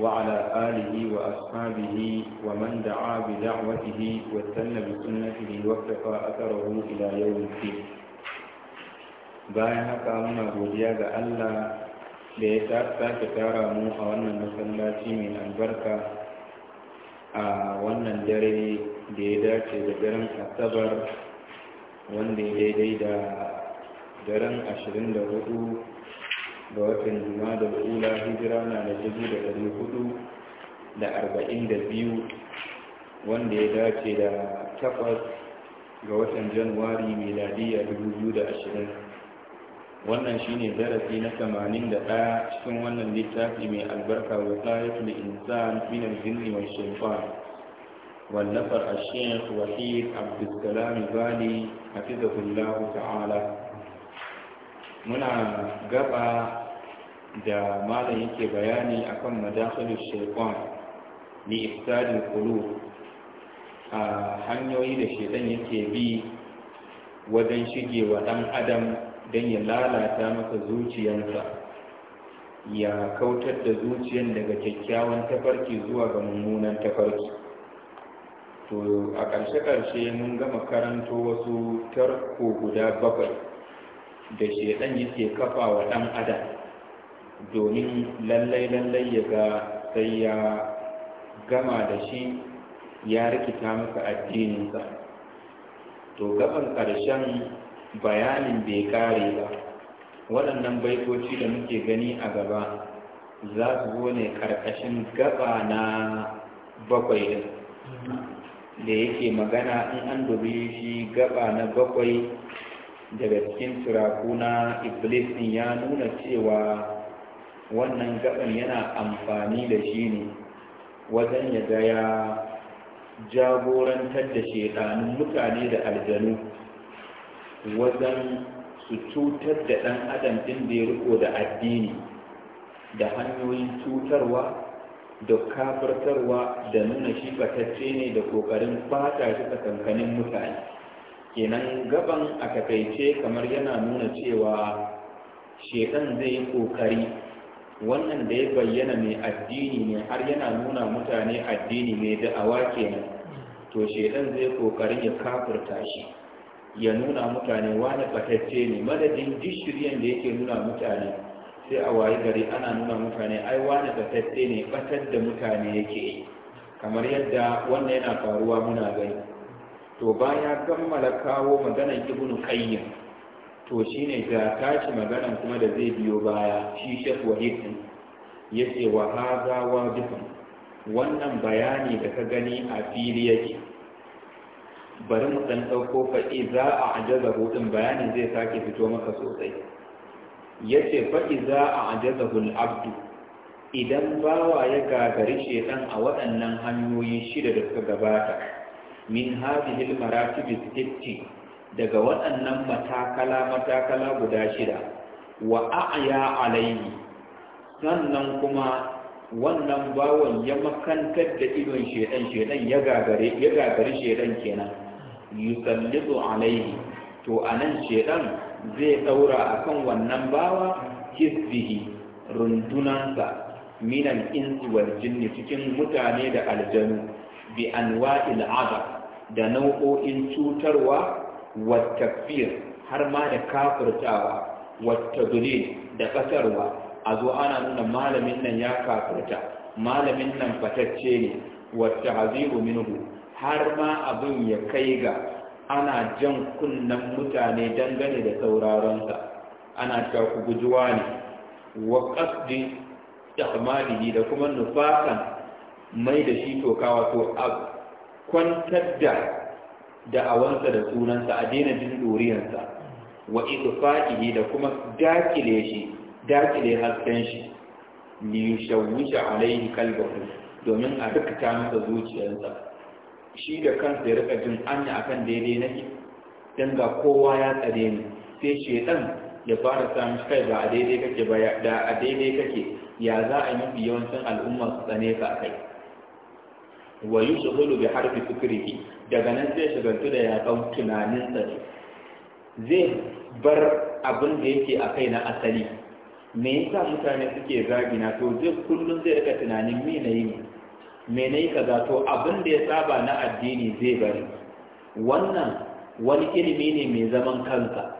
وعلى آله وأصحابه ومن دعا بدعوته واستنى بسنته واكتفى أثره إلى يوم الدين bayan haka muna godiya ga Allah da ya sake tara mu a wannan masallaci mai albarka a wannan dare da ya dace da daren asabar wanda ya daidai da daren 24 ga watan juma da ula hijira na da dubu da ɗari hudu da arba'in da biyu wanda ya dace da takwas ga watan januwari a dubu biyu da ashirin wannan shine darasi na tamanin da ɗaya cikin wannan littafi mai albarka wa da insan min al shimfa wa shaytan wallafar ash wahid abdussalam bali hafizahullahu ta'ala muna gaba da malam yake bayani akan madakhilus shaytan ni ifsadil qulub a hanyoyi da shaitan yake bi wajen shige wa ɗan adam don ya lalata masa zuciyarsa ya kautar da zuciyar daga kyakkyawan tafarki zuwa ga mummunan tafarki to a ƙarshe-ƙarshe mun gama karanto wasu tarko guda bakwai da shedan yake kafa wa ɗan adam domin lallai lallai ya ga sai ya gama da shi ya rikita masa addininsa to gaban ƙarshen bayanin bai kare ba waɗannan baitoci da muke gani a gaba za su zo ne ƙarƙashin gaba na bakwai da yake magana in an dubi shi gaba na bakwai daga cikin turakuna, na iblis din ya nuna cewa wannan gaban yana amfani da shi ne wajen ya ga jagorantar da shekanun mutane da aljanu wajen su cutar da ɗan adam din da ya riko da addini da hanyoyin cutarwa da kafartarwa da nuna shi batacce ne da ƙoƙarin fata shi tsakankanin mutane kenan gaban a takaice kamar yana nuna cewa shekan zai yi kokari wannan da ya bayyana mai addini ne har yana nuna mutane addini mai da'awa kenan to shekan zai kokarin ya kafurta shi ya nuna mutane wani batacce ne madadin jishiriyan da yake nuna mutane sai a wayi gari ana nuna mutane ai wani batacce ne batar da mutane yake yi kamar yadda wannan yana faruwa muna gani to baya kammala kawo maganar ibn qayyim to shine ga tashi maganar kuma da zai biyo baya shi shekh wahid yace wa hadha wajibun wannan bayani da ka gani a fili yake bari mu dan dauko faɗi za a ajaza hudun bayanin zai sake fito maka sosai ya ce faɗi za a ajaza abdu idan bawa ya gagari shaidan a waɗannan hanyoyi shida da suka gabata min hadhihi al sitti daga waɗannan matakala matakala guda shida wa a'ya alayhi sannan kuma wannan bawon ya makantar da idon shedan shedan ya gagare ya gagare shedan kenan yusallitu alayhi to anan shedan zai daura akan wannan bawa hisbihi rundunansa minan insi wal jinni cikin mutane da aljanu bi anwa'il azab da nau'o'in cutarwa wa takfir har ma da kafurtawa, wa tadlil da ƙasarwa, a zo ana nuna malamin nan ya kafurta, malamin nan fatacce ne wa tahziru minhu har ma abin ya kai ga ana jan kunnen mutane dangane da sauraronsa ana ta ku gujuwa ne wa qasdi tahmalihi da kuma nufakan mai da shi to abu. kwantar da da'awansa da sunansa a daina jin doriyarsa wa fa'ihi da kuma dakile shi dakile hasken shi li alaihi kalbahu domin a rikata masa zuciyarsa shi da kansa ya rika jin anya akan daidai nake dan ga kowa ya tsare ni sai shedan ya fara samun kai ba a daidai kake ba a daidai kake ya za a yi mafi yawancin al'umma su tsane ka kai wa hulu bi harfi fikrihi daga nan zai shagaltu da yaƙon tunaninsa zai bar abin da yake a kai na asali me yasa mutane suke zagina to zai kullum zai rika tunanin me na yi me na yi kaza to abin da ya saba na addini zai bari wannan wani ilimi ne mai zaman kansa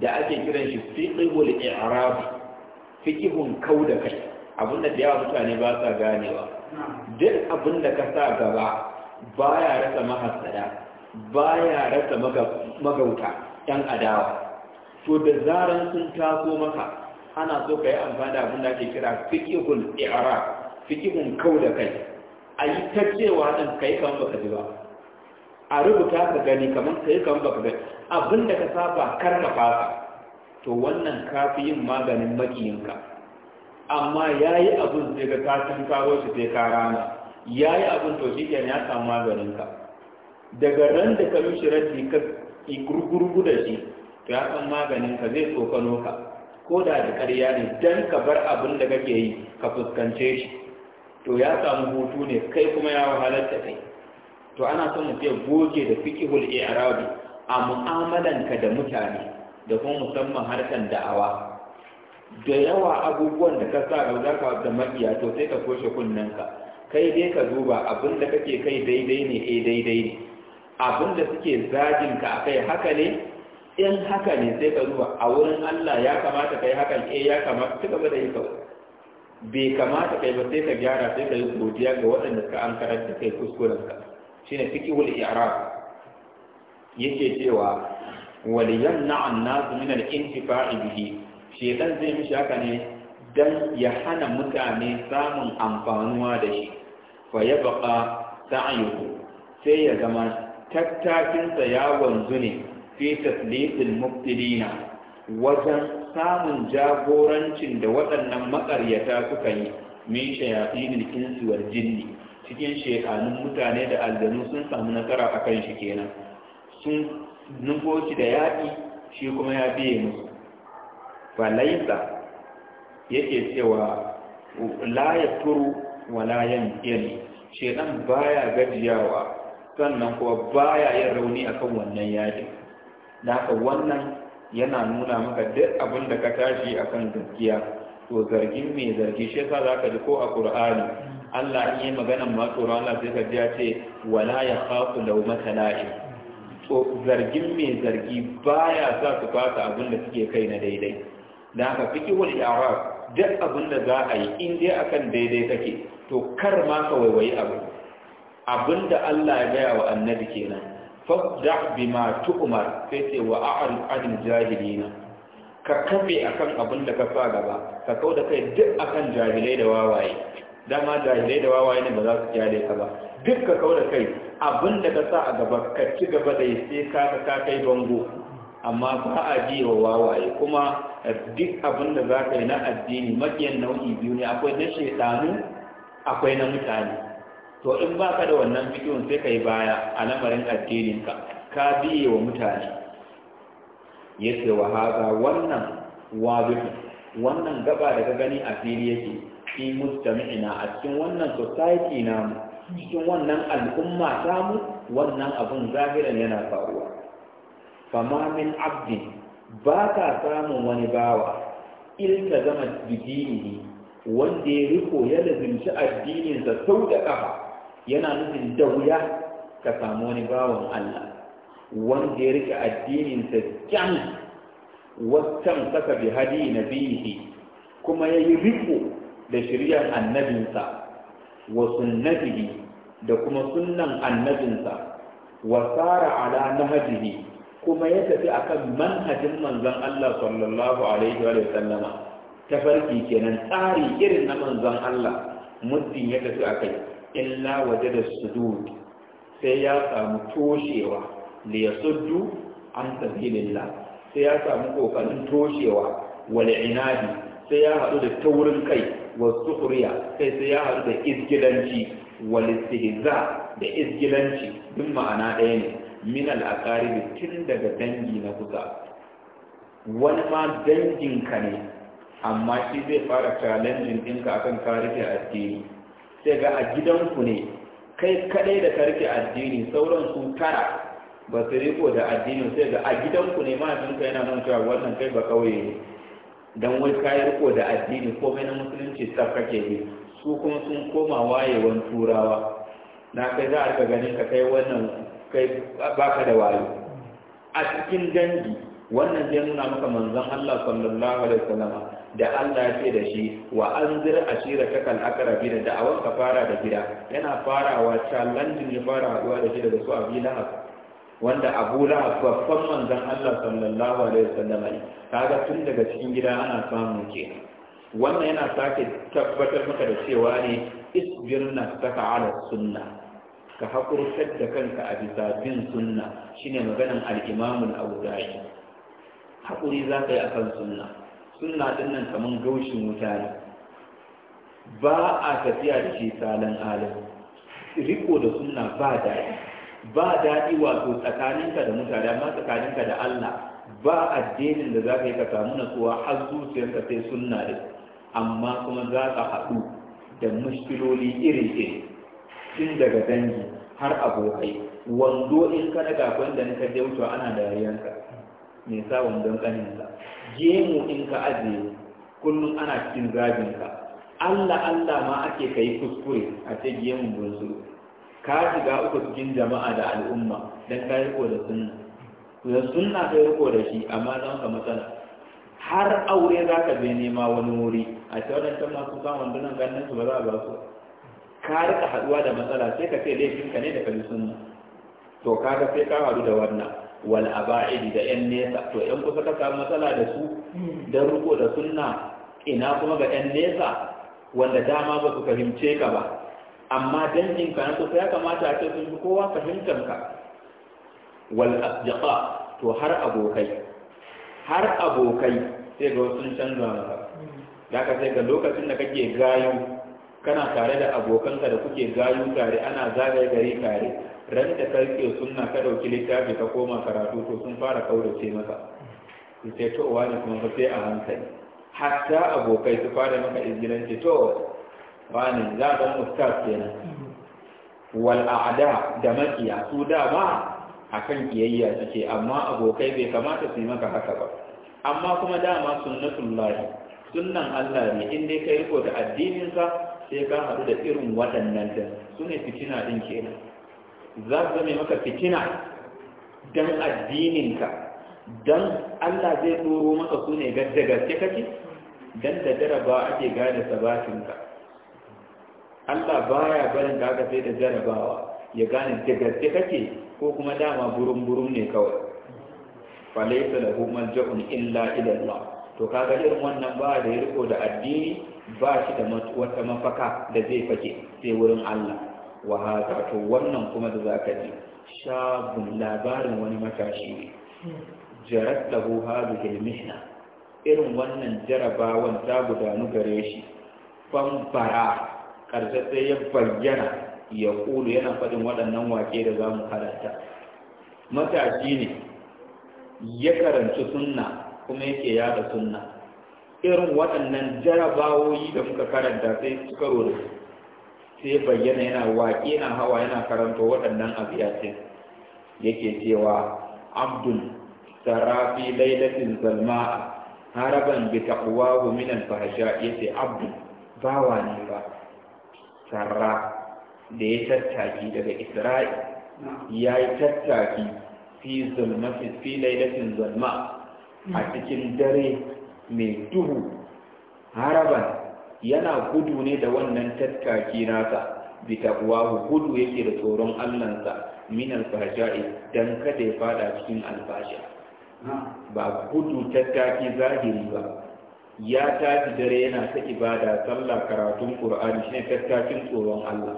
da ake kiran shi fiqhul i'rab fiqhun kauda kai abin da yawa mutane ba sa ganewa duk abin da ka sa gaba baya rasa ba baya rasa magauta yan adawa to da zaran sun taso maka ana so ka yi amfani da abin da ke kira fikihun i'ara fikihun kau da kai a yi ta cewa ɗin ka yi kan baka ji ba a rubuta ka gani kamar ka yi kan baka gani abin da ka saba kar ka fasa to wannan kafi yin maganin makiyinka amma ya yi abin zai ga katin kawo shi sai ka rana ya yi abin to shi ya samu maganin ka daga ran da ka mishi rashi ka gurgurgu da shi to ya san ka zai tsokano ka ko da da ƙarya ne dan ka bar abin da kake yi ka fuskance shi to ya samu hutu ne kai kuma ya wahalar ta kai to ana son mu ce goge da fiqhul i'rabi a mu'amalanka da mutane da kuma musamman harkan da'awa da yawa abubuwan da ka sa ga ka da makiya to sai ka koshe kunnanka, kai dai ka duba abin da kake kai daidai ne eh daidai ne abin da suke zagin ka akai haka ne in haka ne sai ka duba a wurin Allah ya kamata kai hakan eh ya kamata ka gaba da yi kawai bai kamata kai ba sai ka gyara sai ka yi godiya ga waɗanda ka an karanta kai kuskuren ka shine fiqhul i'rab yake cewa wal yamna'u an-nas min al-intifa'i bihi shedan zai mishi haka ne dan ya hana mutane samun amfanuwa da shi fa ya baka sa'ayuhu sai ya zama tattakinsa ya wanzu ne fi taslisil Muktilina. wajen samun jagorancin da waɗannan maƙaryata suka yi min shayatinil insi wal jinni cikin shekanun mutane da aljanu sun samu nasara akan shi kenan sun nufo da yaƙi shi kuma ya biye musu falaisa yake cewa la ya turu wa la yanqini shedan baya gajiyawa sannan kuma baya yin rauni akan wannan yaji da haka wannan yana nuna maka duk abin da ka tashi akan gaskiya to zargin mai zargi shi yasa ka ji ko a Qur'ani Allah in yi maganan ma tsoro Allah sai ka ji ya ce wala ya khafu law matala'i to zargin mai zargi baya sa su fata abin da suke kai na daidai da haka fiqhul i'rab duk abin da za a yi in dai akan daidai kake to kar ma ka waiwayi abu abinda Allah ya gaya wa annabi kenan fadda bima tu'mar sai ce wa a'rid anil jahilina ka kafe akan abin da ka sa gaba ka kauda kai duk akan jahilai da wawaye dama jahilai da wawaye ne ba za su kyale ka ba duk ka kauda kai abin da ka sa a gaba ka ci gaba da sai ka ka kai bango amma ba a ji wa wawaye kuma duk abin da za ka yi na addini makiyan nau'i biyu ne akwai na shaitanu akwai na mutane to in ba ka da wannan bikin sai ka yi baya a lamarin addininka ka biye wa mutane ya ce wa haza wannan wabifin wannan gaba da ka gani a fili yake fi mustamina a cikin wannan society namu cikin wannan al'umma tamu wannan abun zahiran yana faruwa Famamin Abdi abdin ba ka samun wani bawa ilka zama bidini wanda ya riko ya lazimci addininsa sau da ƙafa yana nufin da wuya ka samu wani bawan Allah wanda ya rike addininsa kyan wacan saka bi hadi na bihi kuma ya yi riko da shiryar annabinsa wa sunnabihi da kuma sunnan annabinsa wa tsara ala nahajihi kuma ya tafi akan manhajin manzon Allah sallallahu alaihi wa sallama tafarki kenan tsari irin na manzon Allah muddin ya tafi akai illa wajada sudud sai ya samu toshewa li yasuddu an sabilillah sai ya samu kokarin toshewa wal inadi sai ya hadu da taurin kai wa sukhriya sai sai ya hadu da izgilanci wal istihza da izgilanci duk ma'ana ɗaya ne min al'akari tun daga dangi na kusa wani ma danginka ne amma shi zai fara challenging ɗinka akan karfe addini sai ga a gidanku ne kai kadai da ka karfe addini sauran su tara ba su riko da addini sai ga a gidanku ne ma mahaifinka yana nan cewa wannan kai ba kawai ne don wai ka riko da addini ko na musulunci ta kake bi su kuma sun koma wayewan turawa na kai za a ganin ka kai wannan kai baka da wayo a cikin dangi wannan zai nuna maka manzon Allah sallallahu alaihi wasallam da Allah ya ce da shi wa anzir ashiraka kal aqrabin da awan ka fara da gida yana farawa challenge ya fara haduwa da shi daga su abi lahab wanda abu lahab babban manzon Allah sallallahu alaihi wasallam kaga tun daga cikin gida ana samun kenan wannan yana sake tabbatar maka da cewa ne isbir nafsaka ala sunnah ka haƙuru da kanka a bisa bin sunna shine maganan al'imamun auza'i haƙuri za ka yi a kan sunna sunna ɗin nan kamar gaushin wuta ne ba a tafiya da shi salon alam riko da sunna ba daɗi ba daɗi wato tsakaninka da mutane amma tsakaninka da Allah ba addinin da za ka yi ka samu natsuwa har zuciyarka sai sunna ɗin amma kuma za ka haɗu da mushkiloli iri-iri tun daga dangi har abokai wando in ka daga wanda in ka daucewa ana dariyanka me sa wandon kaninsa gemu in ka ajiye kullum ana cikin zabinka Allah Allah ma ake kai kuskure a ce gemun bunsu ka shiga uku cikin jama'a da al'umma dan ka riko da sunna da sunna kai riko da shi amma zan ka matsala har aure za ka bai nema wani wuri a ce can masu samun dunan ganin su ba za a ba su ka rika haduwa da matsala sai ka ce ka ne da kan sunna to kaga sai ka haɗu da wannan wal aba'idi da yan nesa to yan kusa ka samu matsala da su da ruko da sunna ina kuma ga yan nesa wanda dama ba su fahimce ka ba amma dangin ka na kusa ya kamata a ce sun fi kowa fahimtar ka wal asjaqa to har abokai har abokai sai ga sun canza maka da ka sai ga lokacin da kake gayu kana tare da abokanka da kuke gayu tare ana zagaye gari tare ran da karke sunna ka dauki littafi ka koma karatu to sun fara kaurace maka su ce to wani kuma fa sai a hankali hatta abokai su fara maka ce to wani za mu ustaz kenan wal a'da da makiya su da ba akan kiyayya suke amma abokai bai kamata su yi maka haka ba amma kuma dama sunnatullahi sunnan Allah ne in dai kai riko da addininsa sai ka haɗu da irin waɗannan da su ne fitina ɗin kenan za su zame maka fitina don addininka don Allah zai tsoro maka su ne gadda gaske kake don da jaraba ake gane sabatinka Allah baya barin ka aka sai da jarabawa ya gane da gaske kake ko kuma dama burum burum ne kawai falaisa hukumar ja'un illa ilallah Allah to kaga irin wannan ba da ya riko da addini ba shi da wata mafaka da zai fake sai wurin Allah wa haka to wannan kuma da zaka ji shabun labarin wani matashi ne jarat lahu hadhihi mihna irin wannan jarabawan ta gudanu gare shi fanfara karshe sai ya bayyana ya kulu yana faɗin waɗannan wake da za mu karanta matashi ne ya karanci sunna kuma yake yada sunna irin waɗannan jarabawoyi da muka karanta sai su karo sai bayyana yana waƙe na hawa yana karanta waɗannan abiyatin yake cewa abdul sarafi lailatin zalma haraban bi taqwahu min al fahsha yace abdul bawa ne ba sarra da ya tattaki daga isra'i ya yi tattaki fi zulmatin fi lailatin zalma a cikin dare mai duhu haraban yana gudu ne da wannan tattaki nasa bitaquwahu gudu yake da tsoron allansa min alfasha'i dan kada ya fada cikin alfasha ba gudu tattaki zahiri ba ya tafi dare yana ta ibada sallah karatun qur'ani shine tattakin tsoron Allah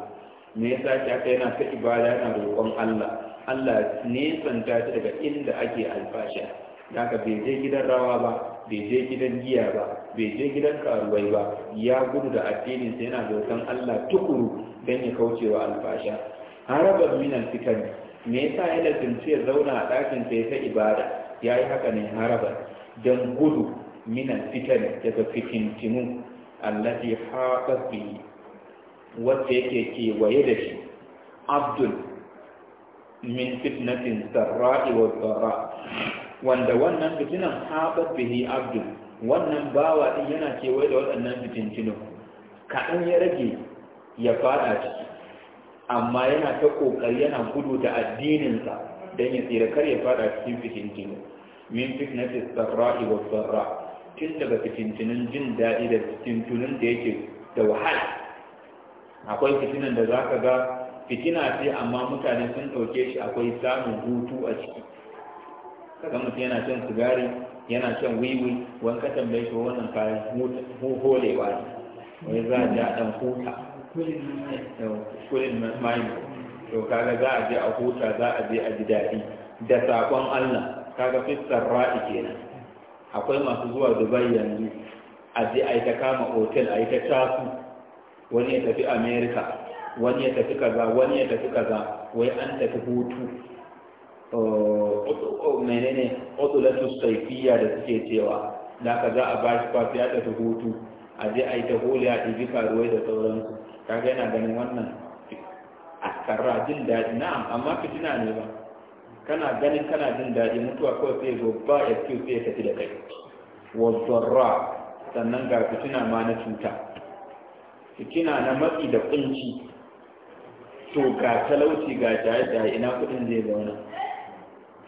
me yasa ta yana ta ibada yana roƙon Allah Allah ne santa daga inda ake alfasha daka bai je gidan rawa ba bai je gidan giya ba bai je gidan karuwai ba ya gudu da addinin sai yana bautan Allah tukuru don ya kauce wa alfasha harabar minan fitan me yasa ya da ya zauna a ɗakin sai ta ibada ya yi haka ne haraba dan gudu minan fitan daga fitintinu allati haɓar bihi wacce yake kewaye da shi abdul min fitnatin sarra'i wa wanda wannan fitinan haɓar bihi abdu wannan bawa ɗin yana kewaye da waɗannan fitintinu kaɗan ya rage ya faɗa ciki amma yana ta ƙoƙari yana gudu da addininsa don ya tsira kar ya faɗa cikin fitintinu min fitnatis sarra'i wa sarra tun daga fitintinun jin daɗi da fitintinun da yake da wahala akwai fitinan da za ka ga fitina ce amma mutane sun ɗauke shi akwai samun hutu a ciki kan mutum yana shan sigari yana shan wiwi wani ka tambaye shi wannan kayan hulewa ne wai za a ji a ɗan huta kulin mai to kaga za a je a huta za a je a ji daɗi da saƙon Allah kaga fiskar ra'i kenan akwai masu zuwa Dubai yanzu a je a yi ta kama otel a yi ta casu wani ya tafi Amerika wani ya tafi kaza wani ya tafi kaza wai an tafi hutu Oh, menene otulatu saifiya da suke cewa da ka za a ba shi kwafi ya tafi hutu a je a yi ta holi a ɗibi karuwai da sauransu kaga yana ganin wannan askarra jin daɗi Na, amma fitina ne ba kana ganin kana jin daɗi mutuwa kawai sai zo ba ya fi sai ya tafi da kai wazzarra sannan ga fitina ma na cuta fitina na matsi da kunci to ga talauci ga jaye-jaye ina kuɗin zai zauna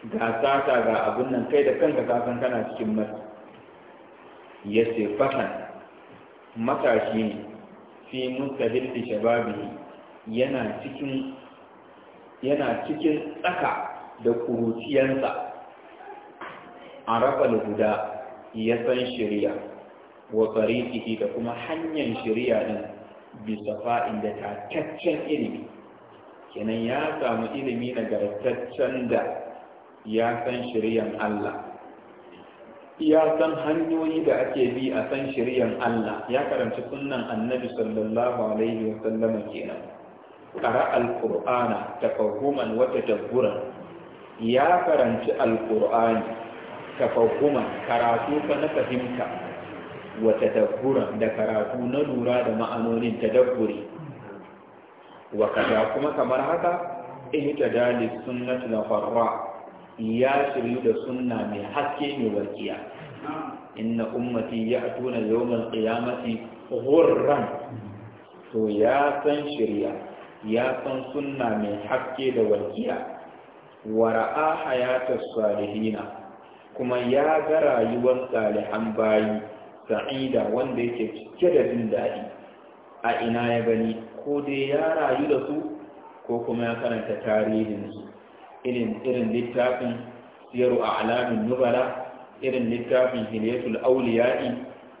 Gasasa ta ga abin nan kai da kanka ka san kana cikin mata ya ce fatan matashi ne fi mun fi shababi yana cikin yana cikin tsaka da kuruciyansa a rafa guda ya san shirya wa tsariƙihi da kuma hanyar shirya ɗin bisa fa'in da takaccen ilimi kenan ya samu ilimi na gartaccen da ya san shiriyan Allah ya san hanyoyi da ake bi a san shiryan Allah ya karanci sunnan annabi sallallahu alaihi wa sallama kenan qara alqur'ana tafahuman wa tadabburan ya karanci alqur'ani tafahuman karatu fa na fahimta wa tadabburan da karatu na lura da ma'anonin tadabburi wa kaza kuma kamar haka ihtada lis sunnati farra ya shiryu da sunna mai haske mai warkiya inna ummati ya tuna yawon qiyamati ghurran to ya san shirya ya san sunna mai haske da warkiya wa ra'a salihina kuma ya ga rayuwar salihan bayi sa'ida wanda yake cike da jin daɗi a ina ya gani ko dai ya rayu da su ko kuma ya karanta tarihinsu irin irin littafin siyaru a alamin nubala irin littafin hiliyatul auliya'i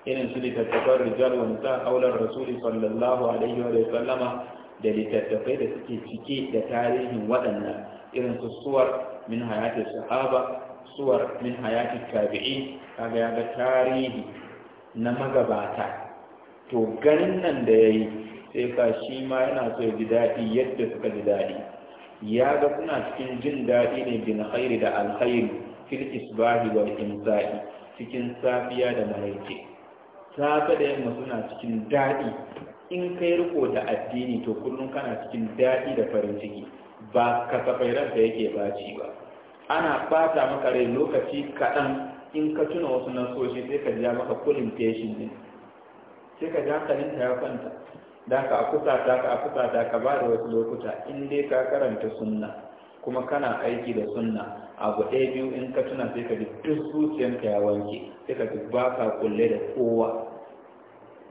irin su littattafan rijal wa nisa haular rasuli sallallahu alaihi wa sallama da littattafai da suke cike da tarihin waɗannan irin su suwar min hayatin sahaba suwar min hayatin tabi'i kaga ya ga tarihi na magabata to ganin nan da ya yi sai ka shi ma yana so ya ji daɗi yadda suka ji daɗi ya ga kuna cikin jin daɗi ne bin khairi da alkhairi fil isbahi wal imsa'i cikin safiya da maraice safe da yamma suna cikin daɗi in kai riko da addini to kullum kana cikin daɗi da farin ciki ba kasafai ranka yake baci ba ana bata maka rai lokaci kaɗan in ka tuna wasu nasoshi sai ka ja maka kulin feshin ne. sai ka ja kalinta ya kwanta da ka a kusata ka a kusata ka ba da wasu lokuta in dai ka karanta sunna kuma kana aiki da sunna abu ɗaya biyu in ka tuna sai ka ji duk zuciyanka ya wanke sai ka ba ka kulle da kowa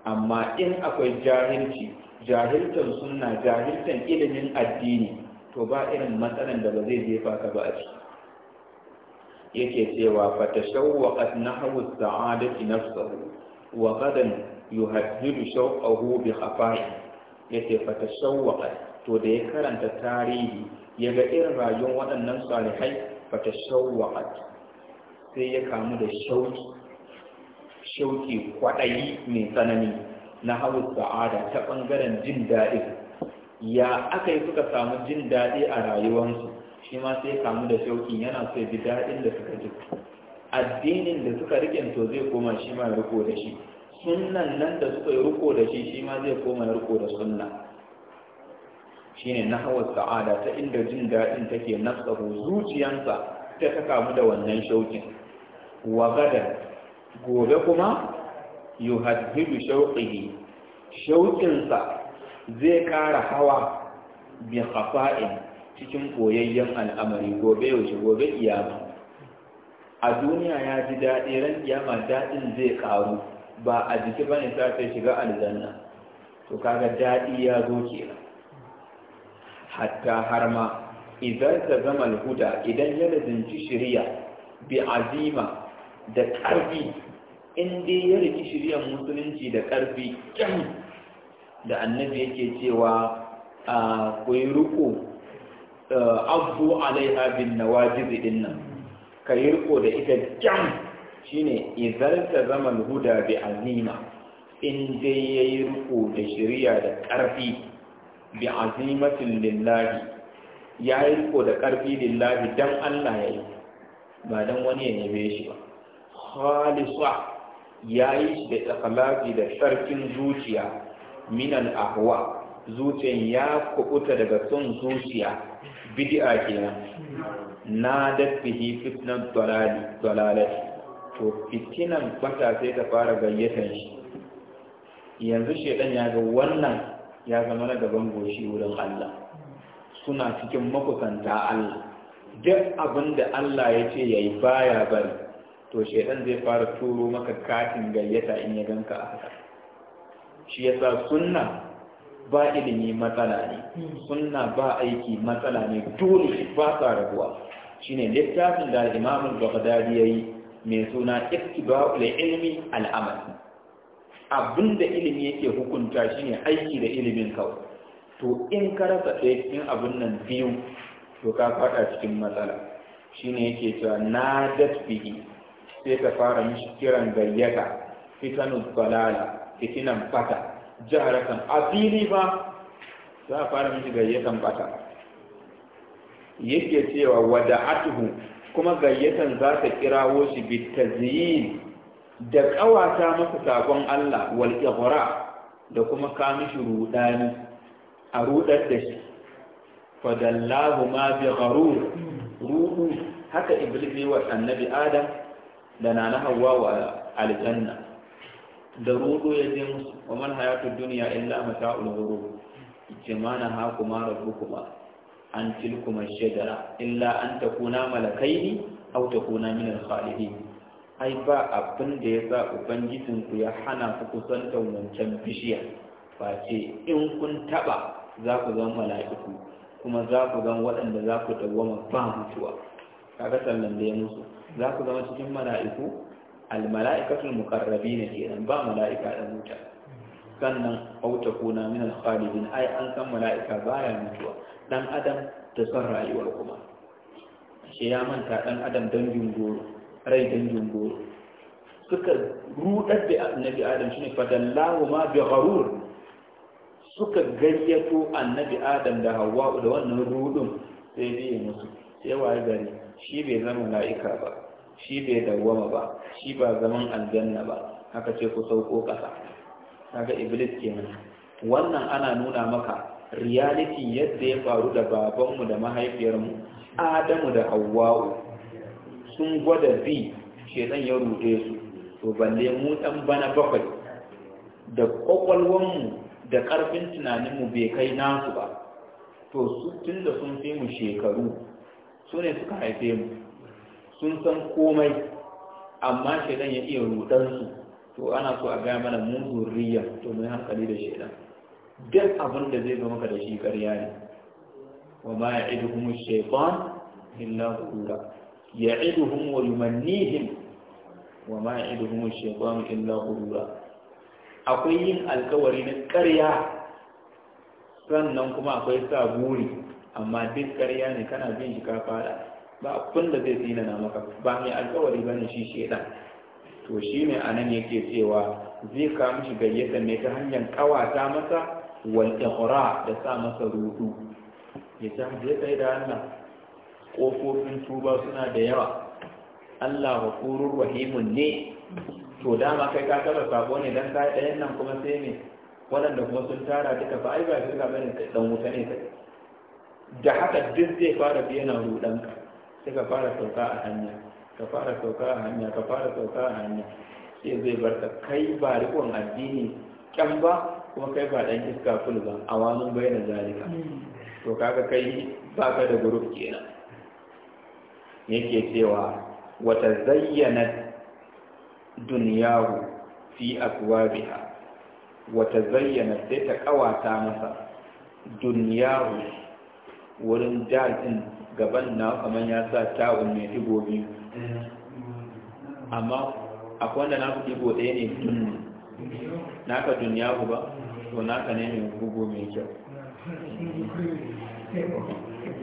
amma in akwai jahilci jahiltan sunna jahiltan ilimin addini to ba irin matsalan da ba zai jefa ka ba a ciki yake cewa fatashawwaqat nahwu sa'adati nafsuhu wa gadan yuhaddidu ya bi khafa'i yace fatashawwaqa to da ya karanta tarihi ya ga irin rayuwar waɗannan salihai fatashawwaqa sai ya kamu da shauki kwaɗayi mai tsanani na hau sa'ada ta ɓangaren jin daɗi ya aka yi suka samu jin daɗi a rayuwarsu shi ma sai kamu da shauki yana so ji daɗin da suka ji addinin da suka riƙe to zai koma shi ma riko da shi sunnan nan da suka yi riko da shi shi ma zai koma ya riko da sunna ne na hawa sa'ada ta inda jin daɗin take nafsahu zuciyansa ta ta kamu da wannan shaukin wa gada gobe kuma yuhaddidu shauqihi shaukinsa zai ƙara hawa bi khafa'in cikin koyayyen al'amari gobe yaushe gobe iyama a duniya ya ji daɗi ran iyama daɗin zai ƙaru ba a jiki bane ta kai shiga aljanna to kaga daɗi ya zo kenan hatta har ma idan ta zama huda idan ya lazimci shirya bi azima da ƙarfi in dai ya riki shari'a musulunci da karfi kyan da annabi yake cewa a ku yi abu alaiha bin nawajibi dinnan ka yi riko da ita kyan shine izalta zaman huda bi azima in dai yayi riko da shari'a da ƙarfi bi azimatin lillahi yayi riko da ƙarfi lillahi dan Allah yayi ba dan wani ya nabe shi ba khalisa yayi shi da ikhlasi da sarkin zuciya minan ahwa zuciyan ya kubuta daga son zuciya bid'a kenan na dafihi fitnat dalalati to fitinan kwata sai ta fara gayyatan shi yanzu shedan ya ga wannan ya zama na gaban goshi wurin Allah suna cikin makusanta Allah duk abin da Allah ya ce ya yi baya bari to shedan zai fara turo maka katin gayyata in ya ganka a haka shi yasa sunna ba ilimi matsala ne sunna ba aiki matsala ne dole ba sa rabuwa shine littafin da al-Imam baghdadi yayi mai suna ittiba'ul ilimi al'amal abinda ilimi yake hukunta shine aiki da ilimin kawai to in ka rasa ɗaya cikin abin nan biyu to ka faɗa cikin matsala shine yake cewa na dasbihi sai ka fara mishi kiran gayyata fitanul balala fitinan fata jaharatan a fili ba za a fara mishi gayyatan fata yake cewa wada'atuhu kuma gayyatan za ta kirawo shi bitazyin da ƙawata masa sakon Allah wal ighra da kuma ka mishi rudani a rudar da shi fadallahu ma bi gharur rudu haka iblis wa annabi adam da nana hawa wa aljanna da rudu ya je musu wa man hayatu dunya illa mata'ul ghurur jimana ha kuma rabbukuma an tilkuma shajara illa an takuna malakaini ta takuna min al ai ba abin da sa ubangijin ku ya hana ku kusantar wancan bishiya ce. in kun taba za ku zama mala'iku kuma za ku zama waɗanda za ku dawwama ba mutuwa kaga sallan da ya musu za ku zama cikin mala'iku al ne muqarrabin kenan ba mala'ika da mutuwa sannan ta kuna min al ai an san mala'ika baya mutuwa ɗan adam da son rayuwar kuma shi ya manta ɗan adam dangin goro rai dangin goro suka rudar da annabi adam shine fadallahu ma bi gharur suka gayyato annabi adam da hawa da wannan rudun sai biye musu sai waye gari shi bai zama la'ika ba shi bai dawwama ba shi ba zaman aljanna ba haka ce ku sauko kasa kaga iblis kenan wannan ana nuna maka reality yadda ya faru da babanmu da mahaifiyarmu adamu da hawa'u sun gwada bi shedan ya rude su to balle mu dan bana bakwai da kwakwalwanmu da karfin tunaninmu bai kai nasu ba to su tun sun fi mu shekaru su ne suka haife mu sun san komai amma shaidan ya iya rudansu to ana so a gaya mana mun zurriya to mai hankali da shedan duk abin da zai zo maka da shi ƙarya ne wa ma ya'iduhum kuma shaytan illa ghurura ya'iduhum wa yumannihim wa ma ya'iduhum ash-shaytan illa ghurura akwai yin alkawari na ƙarya sannan kuma akwai sa buri amma duk ƙarya ne kana bin shi ka fada ba abin da zai na maka ba mai alkawari ne shi shedan to shi ne a nan yake cewa zai kawo mishi gayyata ne ta hanyar kawata masa wal iqra da sa masa rudu ya san je sai da Allah Ƙofofin tuba suna da yawa Allah ghafurur rahimun ne to dama kai ka kaba sabo ne dan kai ɗayan nan kuma sai ne waɗanda kuma sun tara duka ba ai ba su ga bane dan wuta ne sai da haka duk zai fara biyan rudan ka sai ka fara sauka a hanya ka fara sauka a hanya ka fara sauka a hanya sai zai bar ka kai ba rikon addini kyan ba kuma kai ba ɗan iska ful ba a wani bayyana zalika hmm. to kaga kai ba ka da guruf kenan yake cewa wata zayyana dunyahu fi akwabiha wata zayyana sai ta kawata masa dunyahu wurin jajin gaban na kamar ya sa ta mai digo biyu amma akwai wanda na ku digo ɗaya ne na hmm. naka dunyahu ba to naka ne mai bugu mai kyau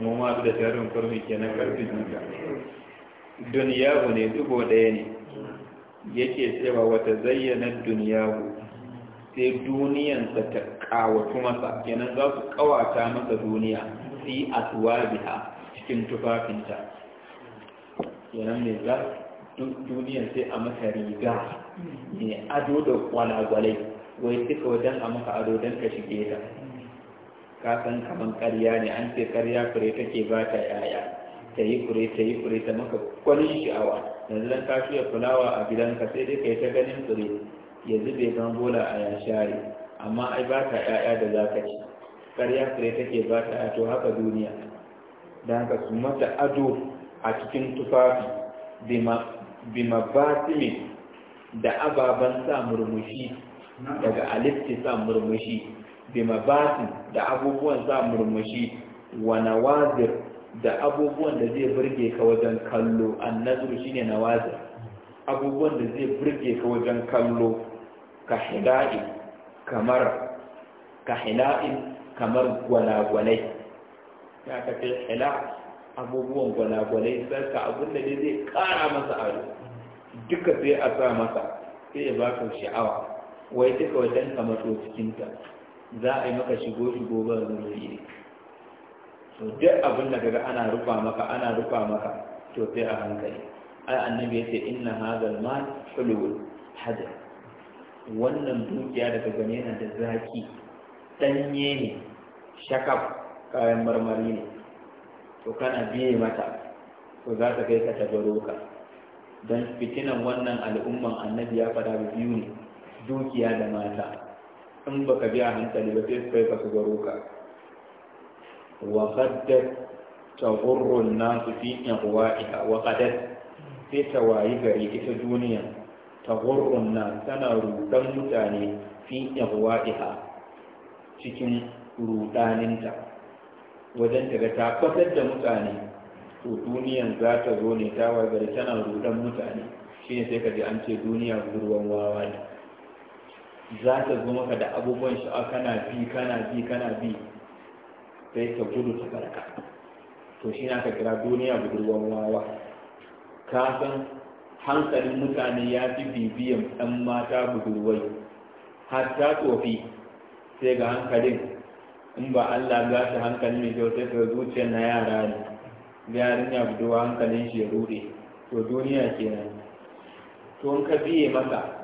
mu ma da tarin kurmi na karfi jika duniyahu ne dubo ɗaya ne yake cewa wata zayyana duniyahu sai duniyansa ta kawatu masa kenan za su kawata masa duniya fi aswabiha cikin tufafinta kenan mai za duniyan sai a masa riga ne ado da kwalagwalai wai suka wajen a maka ado don ka shige ta ka san kaman karya ne an ce karya fure take ba ta yaya ta yi fure ta yi fure ta maka kwanin sha'awa yanzu dan ka shuya fulawa a gidanka sai dai yi ta ganin kure ya zube bola a yashari. amma ai ba ta yaya da za ka ci Karya fure take ba ta to haka duniya Da haka su mata ado a cikin tufafi bima basimi da ababen sa murmushi daga alisti sa murmushi bi mabasin da abubuwan sa murmushi wa nawazir da abubuwan da zai burge ka wajen kallo annazuru shine nawazir abubuwan da zai burge ka wajen kallo ka hida'i kamar ka hila'in kamar gwanagwanai ya ka fi hila abubuwan gwanagwanai sai ka abin da zai kara masa ado duka sai a sa masa sai ya baka sha'awa wai duka wajen ka mato cikinta za a yi maka shigo shigo ba zururi ne to duk abin da kaga ana rufa maka ana rufa maka to sai a hankali ai annabi yace inna hadal mal hulul hada wannan dukiya da ka gane na da zaki danye ne shakaf kayan marmari ne to kana biye mata to za ka kai ka tabaro ka dan fitinan wannan al'umman annabi ya fada biyu ne dukiya da mata in ba ka biya hankali ba sai kai ka su garo ka wa qaddat taghurru an-nasu fi ihwa'iha wa qaddat sai ta wayi gari ita duniya taghurru an-nas tana rudan mutane fi ihwa'iha cikin rudaninta wajen daga ta kwatar da mutane to duniyan za ta zo ne ta wayi tana rudan mutane shine sai ka ji an ce duniya ruwan wawa ne za ta zo maka da abubuwan sha'a kana bi kana bi kana bi sai ta gudu ta to shi na ka kira duniya budurwan wawa ka san hankalin mutane ya fi bibiyan ɗan mata budurwai ta tsofi sai ga hankalin in ba Allah ga shi hankali mai kyau sai ka zuciyar na yara ne yarinya budurwa hankalin shi ya rude to duniya kenan to in ka biye maka.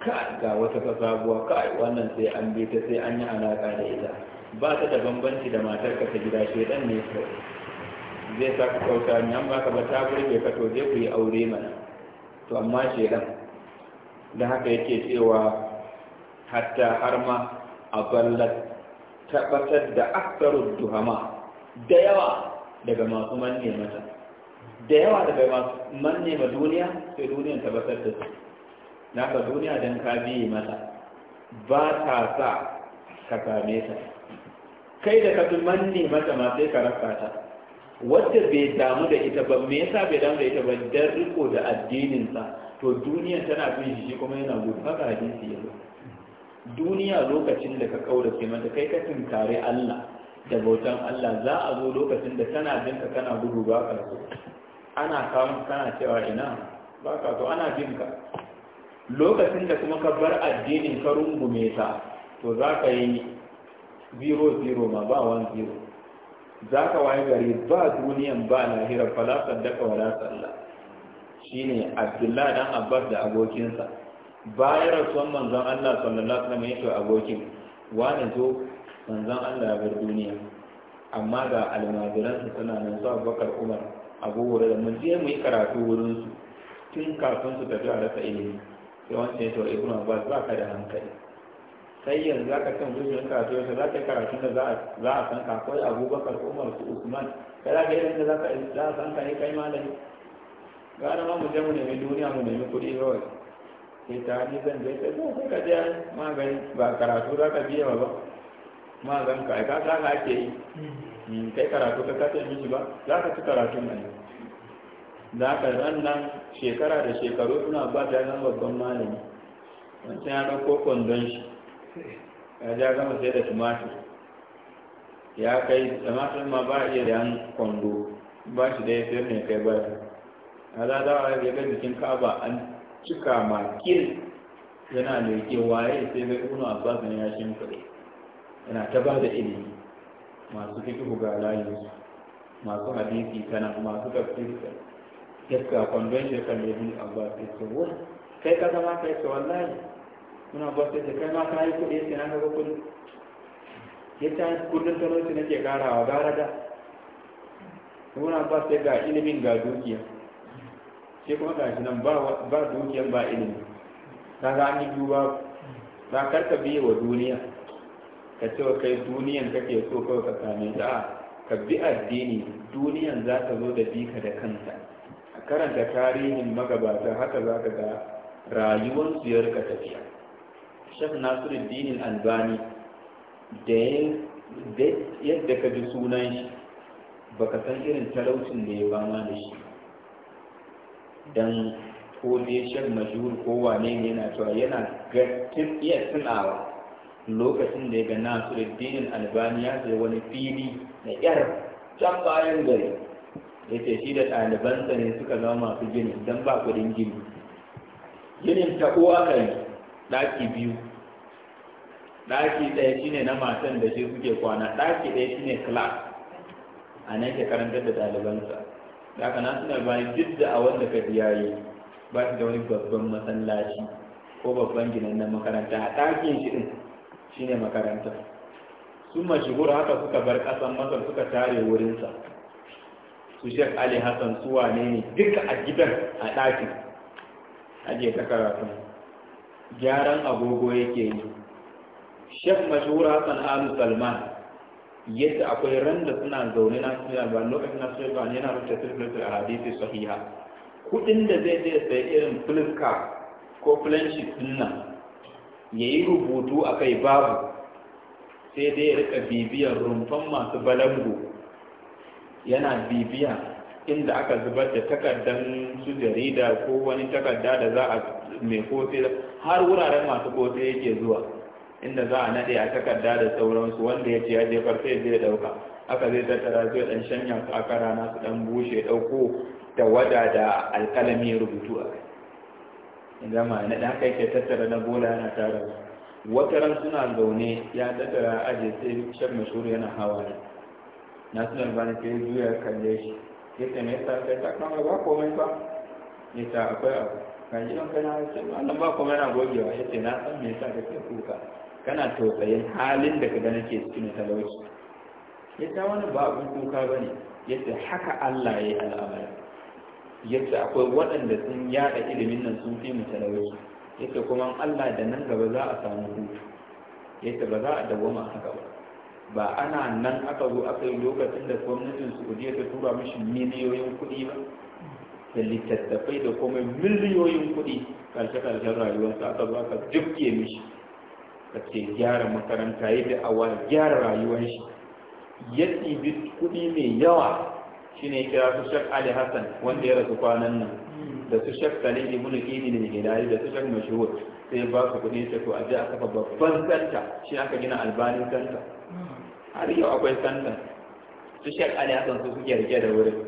kai ga wata fasabuwa kai wannan sai an bi ta sai an yi alaka da ita ba ta da bambanci da matarka ta gida shedan ne kawai zai sa ka kauta ni an baka ba ta burge ka to je ku yi aure mana to amma shedan da haka yake cewa hatta har ma a ballat tabbatar da aksarar duhama da yawa daga masu manne mata da yawa daga masu manne ma duniya sai duniyan tabbatar da su na ka duniya don ka biye mata ba ta sa ka same ta kai da ka fi manne mata ma sai ka rasa ta Wacce bai damu da ita ba me yasa bai damu da ita ba don riko da addininsa to duniya tana bin shi kuma yana gudu haka hadisi ya duniya lokacin da ka ce mata kai ka tunkare Allah da bautan Allah za a zo lokacin da tana bin ka kana gudu ba ka ana kawo kana cewa ina ba ka to ana bin ka lokacin da kuma ka bar addinin ka rungume ta to za ka yi zero zero ma ba one zero za ka waye gari ba duniyan ba lahira fala saddaka wala Shi shine abdullahi dan abbas da abokinsa bayan rasuwan manzon allah sallallahu alaihi wasallam ya abokin wani zo manzon allah ya bar duniya amma ga almajiransa suna nan su abubakar umar abu da mun je mu yi karatu wurinsu tun kafin su tafi a rasa ilimi sai wancan ya tawaye ibn abbas ba ka da hankali sai yanzu za ka kan zuciyar karatu yau za ka yi karatu da za a san ka akwai abubakar umar su usman kai za ka yi da za a san ka ne kai malami gara ma mu je mu nemi duniya mu nemi kuɗi kawai sai ta ni zan je sai ko ka je magani ba karatu za ka biya ba magan ka ka ka ake yi hmm. Hmm, kai karatu ka kace miji ba za ka ci karatun nan da aka nan shekara da shekaru suna ba da zama babban malami wancan ya ɗauko kwandon shi ya ja gama sai da tumatir ya kai tumatir ma ba iya da yan kwando ba shi da ya fiye ne kai ba. a za za a ga jikin kaba an cika ma kil yana da yake waye sai ga kuma abbas ne ya shimfiɗe yana ta ba da ilimi masu fiqh ga layin masu hadisi kana masu tafsiri yadda kwandon shi ne lebin abbas ya ce wani kai ka zama kai ce wallahi muna abbas ya ce kai ma ka yi kuɗi ya ce na ga kuɗin, ya ce kullum talauci nake karawa gara da muna abbas ya ga ilimin ga dukiya sai kuma ga shi nan ba dukiyar ba ilimi ka ga an yi duba ba karka biye wa duniya ka ce wa kai duniyan kake so kawai ka same ta ka bi addini duniyan za ta zo da bi ka da kanta karanta tarihin magabata haka za ka ga rayuwar siyar ka tafiya shek nasiruddinin albani da yadda ka ji sunan shi baka san irin talaucin da ya bama da shi don ko dai shan mashhur ko wane ne yana cewa yana gattin iya tunawa lokacin da ya ga nasu dinin albani ya sai wani fili na yar can bayan gari yace shi da ɗalibansa ne suka zama masu gini don ba kudin gini ginin ta uwa kai ɗaki biyu ɗaki ɗaya shine na matan da shi suke kwana ɗaki ɗaya shine class a nan ke karantar da ɗalibansa da haka na suna bayan duk da a wanda ka biya yi ba shi da wani babban masallaci ko babban ginin na makaranta a ɗakin shi ɗin shine makaranta Sun mashigura haka suka bar ƙasan masar suka tare wurinsa su shek ali hassan su ne ne duka a gidan a ɗakin Ajiye ta karatu gyaran agogo yake yi shek mashura hassan alu salman yadda akwai ran da suna zaune na suna ba lokacin na suna ba yana rute sirrin a hadisi sahiha kudin da zai zai sai irin fulka ko fulanshi suna ya yi rubutu a kai babu sai dai ya rika bibiyar rumfan masu balango yana bibiya inda aka zubar da takardar su jarida ko wani takarda da za a mai kofi har wuraren masu kofi yake zuwa inda za a naɗe a takarda da sauransu wanda ya ce ya jefar sai zai dauka aka zai tattara zai ɗan shanya su aka rana su ɗan bushe dauko da wada da alkalami rubutu a kai zama na dan kai ke tattara na bola yana tara wata ran suna zaune ya tattara aje sai shan mashuru yana hawa ne nasu albani sai zuwa kalle shi ya tsame sa ta, ta kama ba komai ba ya ta akwai abu kan ji ɗan kana sai wannan ba komai na gogewa ya ce na san me yasa kake kuka kana tausayin halin da ka kaga nake cikin talauci ya ta wani ba abin kuka ba ne ya ce haka Allah ya yi al'amari ya ce akwai waɗanda sun yaɗa ilimin nan sun fi mu talauci ya ce kuma Allah da nan gaba za a samu hutu ya ce ba za a dawoma haka ba ba ana nan aka zo aka yi lokacin da gwamnatin saudiya ta tura mishi miliyoyin kuɗi ba da littattafai da komai miliyoyin kuɗi karshe-karshen rayuwarsa aka zo aka jibge mishi ka ce gyara makaranta da awa gyara rayuwar shi ya ɗibi kuɗi mai yawa shine ya kira su shak ali hassan wanda ya rasu kwanan nan da su shakka ne ibn qini ne hilali da su shak mashuwar sai ba su kuɗi ta to aje a kafa babban santa shi aka gina albanin santa har yau akwai santa su shak ali hasan su suke rike da wurin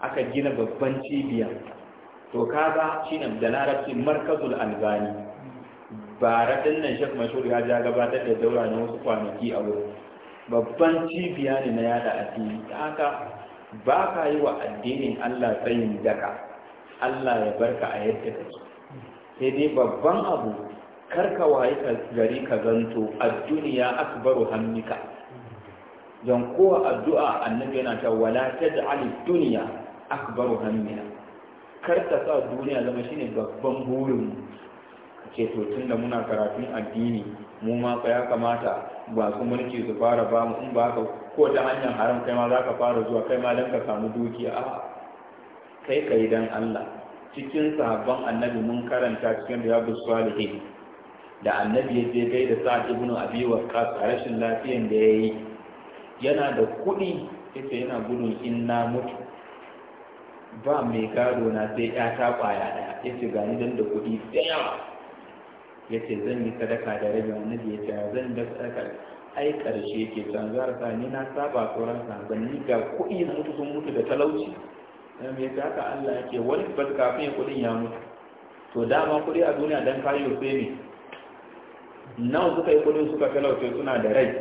aka gina babban cibiya to ka ba shi ne da larabci markazul albani bara din nan shak mashuwar ya ja gabatar da daura na wasu kwanaki a wurin babban cibiya ne na yada addini haka ba ka yi wa addinin Allah tsayin daka Allah ya barka a yadda kake sai dai babban abu karka waye ka gari ka zanto a duniya akbaru hannuka. don kowa addu'a annabi yana ta wala taj'al dunya akbaru hannuka karka sa duniya zama shine babban burin ce to da muna karatun addini mu ma ya kamata ba su mulki su fara ba mu in ba ka ko ta hanyar haram kai ma za ka fara zuwa kai ma don ka samu dukiya a sai ka yi don Allah cikin sahabban annabi mun karanta cikin riyadus salihin da annabi ya je gaida sa'ad ibn abi waqqas a rashin lafiyan da yayi yana da kuɗi yace yana gudun in na mutu ba mai gado na sai ya ta kwaya daya yace ga ni dan da kuɗi da yawa yace zan yi sadaka da rabin annabi yace zan da sadaka ai karshe ke zan sa ni na saba tsoron sa ban ni ga kuɗi na mutu sun mutu da talauci dan me yasa haka Allah yake wani ba kafin kudin ya mutu to dama kudi a duniya dan kayo sai ne nawa suka yi kudin suka talauce suna da rai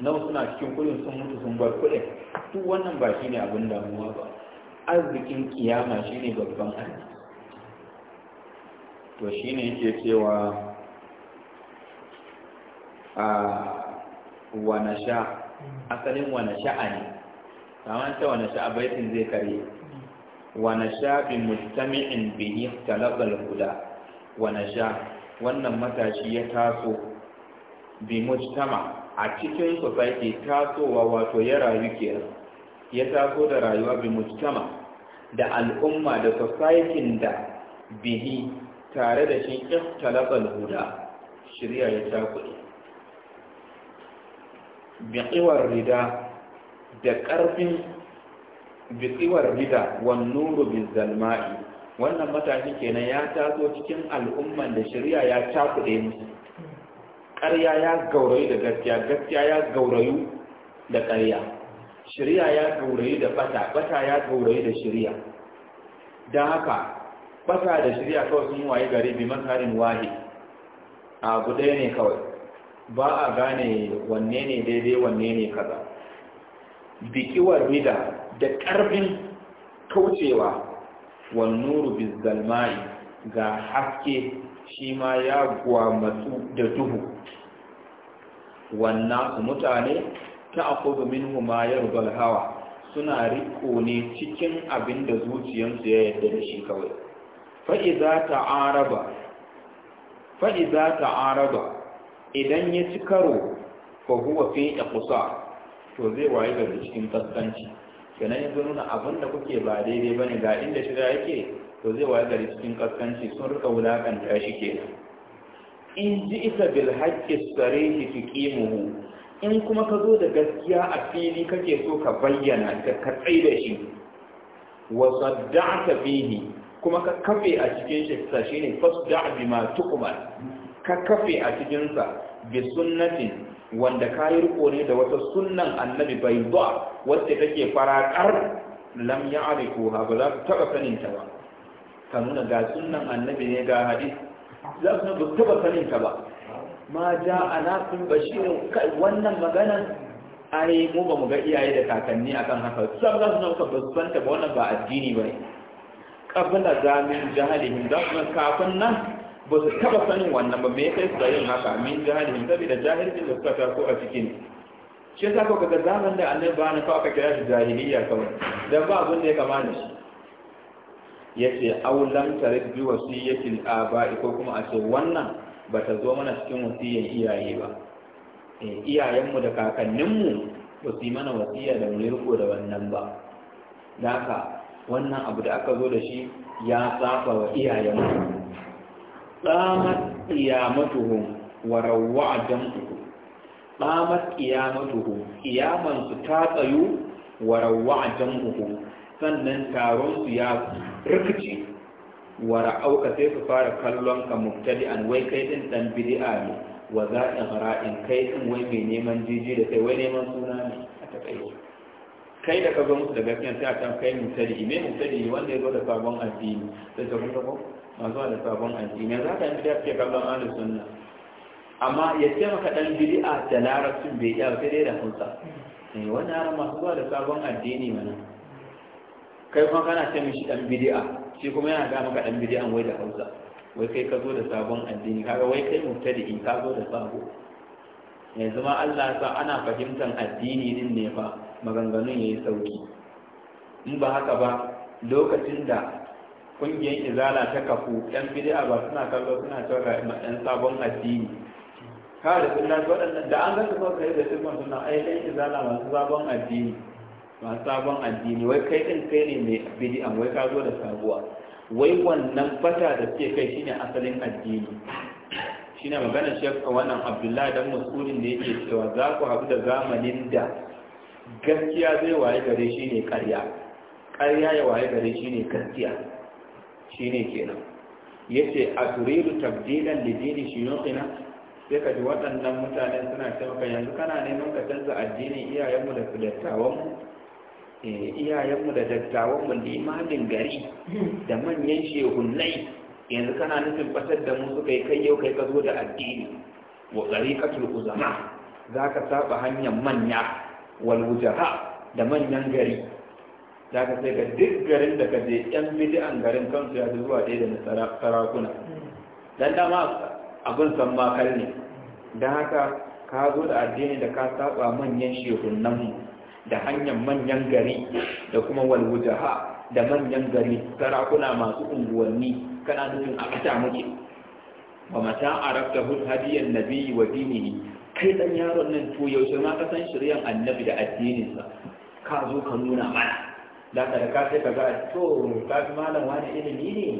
nawa suna cikin kudin sun mutu sun bar kudin duk wannan ba ne abin damuwa ba arzikin kiyama shine babban arziki to shine yake cewa a wane asalin wane sha'a ne kamar ta wane sha'a baitin zai kare ونشاء مجتمع به اختلط الهدى sha wannan matashi ya taso bi mujtama a cikin society tasowa wato ya rayu kenan ya taso da rayuwa bi mujtama da al'umma da society da bihi tare da shi talabal huda shirya ya ne, bi qiwar rida da ƙarfin tsiwar rida wan nuru zalma'i wannan matashi kenan ya taso cikin al'umman da shari'a ya cakuɗe musu ƙarya ya gaurayi da gaskiya gaskiya ya gaurayu da ƙarya shari'a ya gaurayi da bata bata ya gaurayi da shari'a don haka bata da shari'a kawai sun waye gari bi makarin wahi a ɗaya ne kawai ba a gane wanne ne daidai wanne ne kaza bikiwar rida da ƙarfin kaucewa wa nuru bizalmai ga haske shi ma ya gwamatsu da duhu wannan mutane ta domin minhu ma yarbal hawa suna riko ne cikin abin da zuciyarsu ya yarda da shi kawai za ta araba raba. idan ya ci karo fa huwa fi kusa to zai waye da cikin kaskanci kenan yanzu nuna abin da kuke ba daidai ba ne ga inda shiga yake to zai waye gari cikin kaskanci sun rika wulakanta shi ke in ji isa bil haƙƙi sarihi tuqimuhu in kuma ka zo da gaskiya a fili kake so ka bayyana ka katsai da shi wa sadda'ta fihi kuma ka kafe a cikin shi shine fasda' bima tuqmal ka kafe a cikin sa bi sunnatin wanda kayi riko ne da wata sunnan annabi bai ba wacce take farakar lam ya ha ba za su taɓa sanin ta ba ka nuna ga sunnan annabi ne ga hadis za su ba taɓa sanin ta ba ma ja ana sun bashirin wannan maganan ai mu ba mu ga iyaye da kakanni akan haka sam za su nan ka ta ba wannan ba addini ba ne kabila zamin jahalihim za su kafin nan ba su taba sanin wannan ba mai kai tsayin yin haka min jahilin da jahilcin da suka taso a cikin shi ta ka ga zaman da annabi ba na fa aka kira shi jahiliya kawai dan ba abin da ya kamata. shi yace aw lam tarid bi wasiyatil aba'i ko kuma a ce wannan ba ta zo mana cikin wasiyyar iyaye ba Eh iyayenmu da kakanninmu ba su yi mana wasiya da mu riko da wannan ba dan haka wannan abu da aka zo da shi ya saba wa iyayenmu qamat qiyamatuhum wa rawwa'a qamat qiyamatuhum qiyaman su ta tsayu wa rawwa'a jam'uhum sannan taron su ya rikici wa ra'auka sai su fara kallon ka mubtadi'an wai kai din dan bid'a ne wa za'in ra'in kai din wai mai neman jiji da kai wai neman suna ne a takaice kai da ka zo musu da gaskiya sai a can kai mubtadi'i me ne wanda ya zo da sabon addini sai ka kuma a zuwa da sabon addini za ka yi da ke kallon ahlus sunna amma ya ce maka dan bid'a da larabcin bai iya sai dai da hausa eh wannan har masu zuwa da sabon addini mana kai kuma kana ce mishi dan bid'a shi kuma yana ga maka dan bid'an wai da hausa wai kai ka zo da sabon addini kaga wai kai in ka zo da sabo yanzu ma Allah sa ana fahimtar addini din ne fa maganganun yayi sauki in ba haka ba lokacin da kungiyar izala ta kafu yan bid'a ba suna kallo suna cewa yan sabon addini sun sunna waɗannan da an ga su kai da sifan suna ai yan izala masu sabon addini masu sabon addini wai kai din kai ne mai bid'a wai ka zo da sabuwa wai wannan fata da suke kai shine asalin addini shine magana shekka wannan abdullahi dan mas'ulin da yake cewa za ku haɗu da zamanin da gaskiya zai waye gare shi ne ƙarya ƙarya ya waye gare shi ne gaskiya Shi ne kenan yace a turidu tabdilan lidini shuyukhina sai ka ji waɗannan mutane suna taimaka. yanzu kana neman ka canza addinin iyayenmu da dattawanmu eh, iyayenmu da dattawanmu limamin gari da manyan shehunnai yanzu kana nufin fatar da mu suka yi kai yau kai ka zo da addini wa tsariƙatul uzama za ka saba hanyar manya wal da manyan gari za ka sai ga duk garin da ka je yan bidi'an garin kansu ya zuwa ɗaya da sarakuna dan dama abun san makar ne Dan haka ka zo da addini da ka saba manyan shehunan mu da hanyar manyan gari da kuma walwujaha da manyan gari sarakuna masu unguwanni kana nufin a kata muke ba mata arabta hadiyan nabi wa dinihi kai dan yaron nan to yaushe ma ka san shiryan annabi da addinin addininsa ka zo ka nuna mana za ka da kafe ka ga to kafi malam wani ilimi ne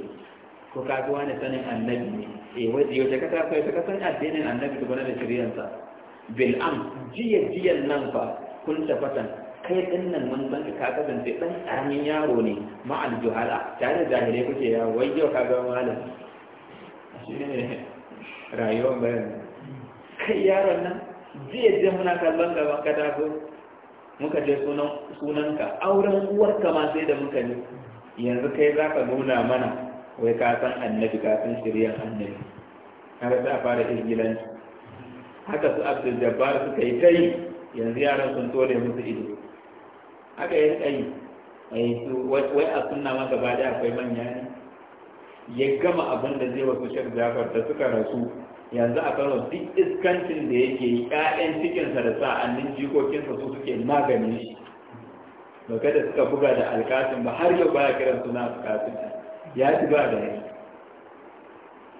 ko kafi wani sanin annabi ne eh wajen yau ka tafi ka san addinin annabi ka da shiryansa bil'am jiya jiyan nan fa kun tafatan kai din nan mun san ka kasance dan karamin yaro ne ma'al juhala tare da jahilai kuke ya? wai yau ka ga malam rayuwar bayan kai yaron nan jiya jiya muna kallon gaban katako muka je sunanka auren uwarka ma sai da muka ne yanzu kai za ka nuna mana wai ka san annabi ka san shirya annabi haka za a fara irgilanci haka su abdul jabbar suka yi kai yanzu yaran sun tore musu ido haka ya ai su wai a sunna ma gaba da akwai manya ne ya gama abin da zai wasu shirya jafar da suka rasu yanzu a kano duk iskancin da yake yi ƴaƴan cikinsa da sa'annin jikokinsa su suke magani. shi ba kada suka buga da alƙasin ba har yau baya kiran suna alƙasin ya ci ba da yanzu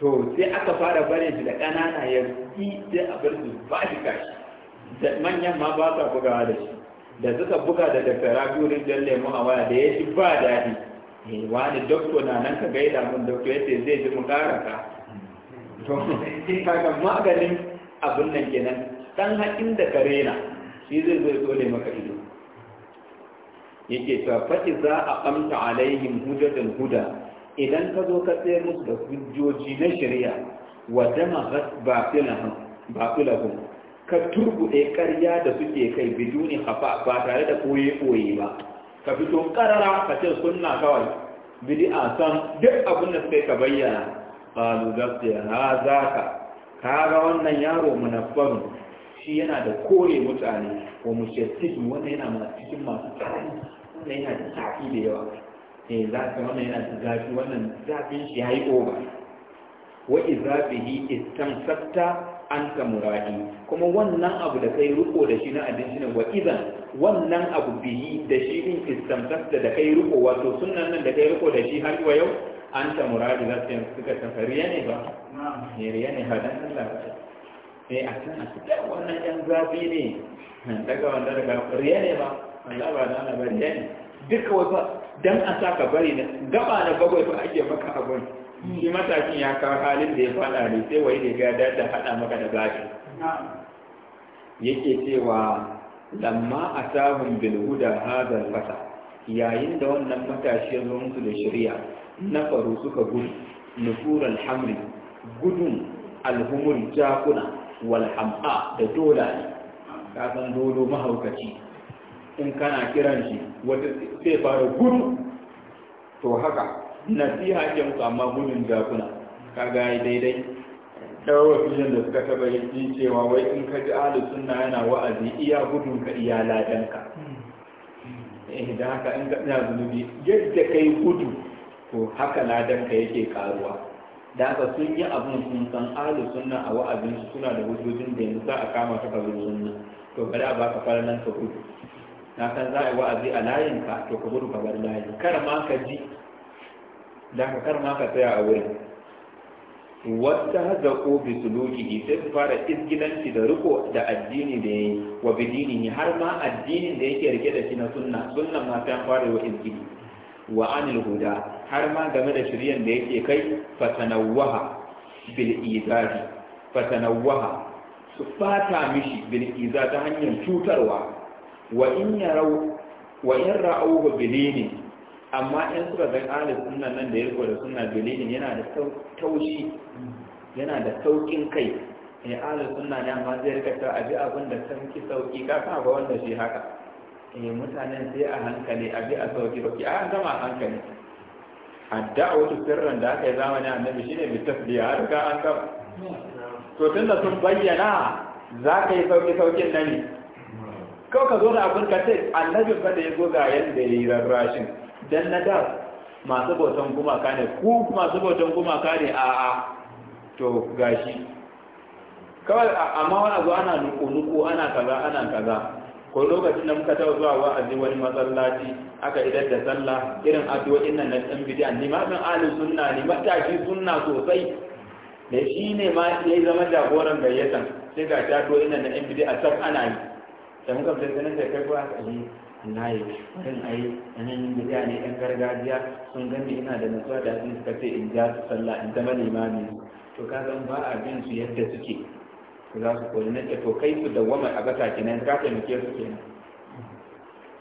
to sai aka fara bare shi da ƙanana ya yi sai a bar su ba shi kashi da manyan ma ba sa bugawa da shi da suka buga da daktara biyu rijiyar lemu a waya da ya ci ba daɗi eh, wani doktor na nan ka gaida mun doktor ya ce zai ji mu ƙara ka kaga maganin abin nan kenan dan haƙin da ka rena shi zai zai dole maka ido yake cewa fa za a amsa alaihim hujjatan huda idan ka zo ka tsaye musu da hujjoji na shari'a wa dama batilahum ka turbuɗe ƙarya da suke kai biduni hafa ba tare da ɓoye-ɓoye ba ka fito karara ka ce sunna kawai bid'a san duk abin da suka ka bayyana qalu dabti Ka kaga wannan yaro munabbarun shi yana da kore mutane wa mushaddid wannan yana ma cikin masu tsari wannan yana da zafi da yawa eh ka wannan yana da zafi wannan zafin shi yayi over wa izabihi an anka muradi kuma wannan abu da kai riko da shi na addini ne wa idan wannan abu bihi da shi din istamsakta da kai riko wato sunnan nan da kai riko da shi har yau an ta muradi za su suka tafariya ne ba ne riya ne hadan Allah ba sai a san a cikin wannan yan zafi ne daga wanda daga riya ne ba Allah ba da Allah ba riya ne duka wai ba dan a sa ka bari na gaba na bagwai ba ake maka abun shi matashin ya kawo halin da ya fada ne sai wai da ga da hada maka da zafi yake cewa lamma a bil huda hadha al fasa yayin da wannan matashi ya zo musu da shari'a na faru suka gudu nufuran hamri gudun alhumul jakuna walham'a da dola ne kasan dolo mahaukaci in kana kiran shi wata sai fara gudu to haka nasiha ke amma gudun jakuna kaga ya daidai ɗaura filin da suka taɓa yi cewa wai in ka ji Ali sunna yana wa'azi iya gudun ka iya ladanka hmm. eh da haka in ina zunubi yadda kai gudu to haka ladan ka yake karuwa da ka sun yi abin sun san ahli sunna a wa'azinsu suna da hujjojin da yanzu za a kama ta kabin sunna to bari a baka nan ka gudu na san za a yi wa'azi a layin ka to ka gudu ka bar layin kar ma ka ji da ka kar ma ka tsaya a wurin wata da obi sulukihi sai su fara izgilanci da riko da addini da yayi wa bidini har ma addinin da yake rike da shi na sunna sunna ma ta fara wa izgili wa anil huda har ma game da shiryan da yake kai fatanawaha bil izari fatanawaha su fata mishi bil iza ta hanyar cutarwa wa in yarau wa in ra'awhu bilini amma in suka ga alif sunna nan da yake da sunna bilini yana da taushi yana da saukin kai eh alif sunna ne amma zai rika ta abi abin da ki sauki ka ka ga wanda shi haka eh mutanen sai a hankali a bi a sauki sauki a an gama a hankali a wasu sirran da aka yi zamanin annabi shine bi tasbiya har ka an gama to da sun bayyana za ka yi sauki saukin nan ne kawai ka zo da abin ka ce annabin fa da ya zo ga yadda ya yi rarrashin dan na da masu bautan gumaka ne ku masu bautan gumaka ne a a to gashi kawai amma wani abu ana nuku-nuku ana kaza ana kaza ko lokacin da muka taɓa zuwa wa'azi wani masallaci aka idar da sallah irin addu'o'in nan na ɗan bidiya ni ma ɗan alu sunna ne matashi sunna sosai da shi ne ma ya zama jagoran gayyatan sai ga ta to ina na ɗan bidiya sab ana yi da muka fita ganin da kai ba ka yi na yi a yi ɗan bidiya ne ɗan gargajiya sun gani ina da nasuwa da sun suka ce in ja su sallah in zama limami to ka zan ba a bin su yadda suke za su koyi na to kai su dawwama a gata nan ka taimake su kenan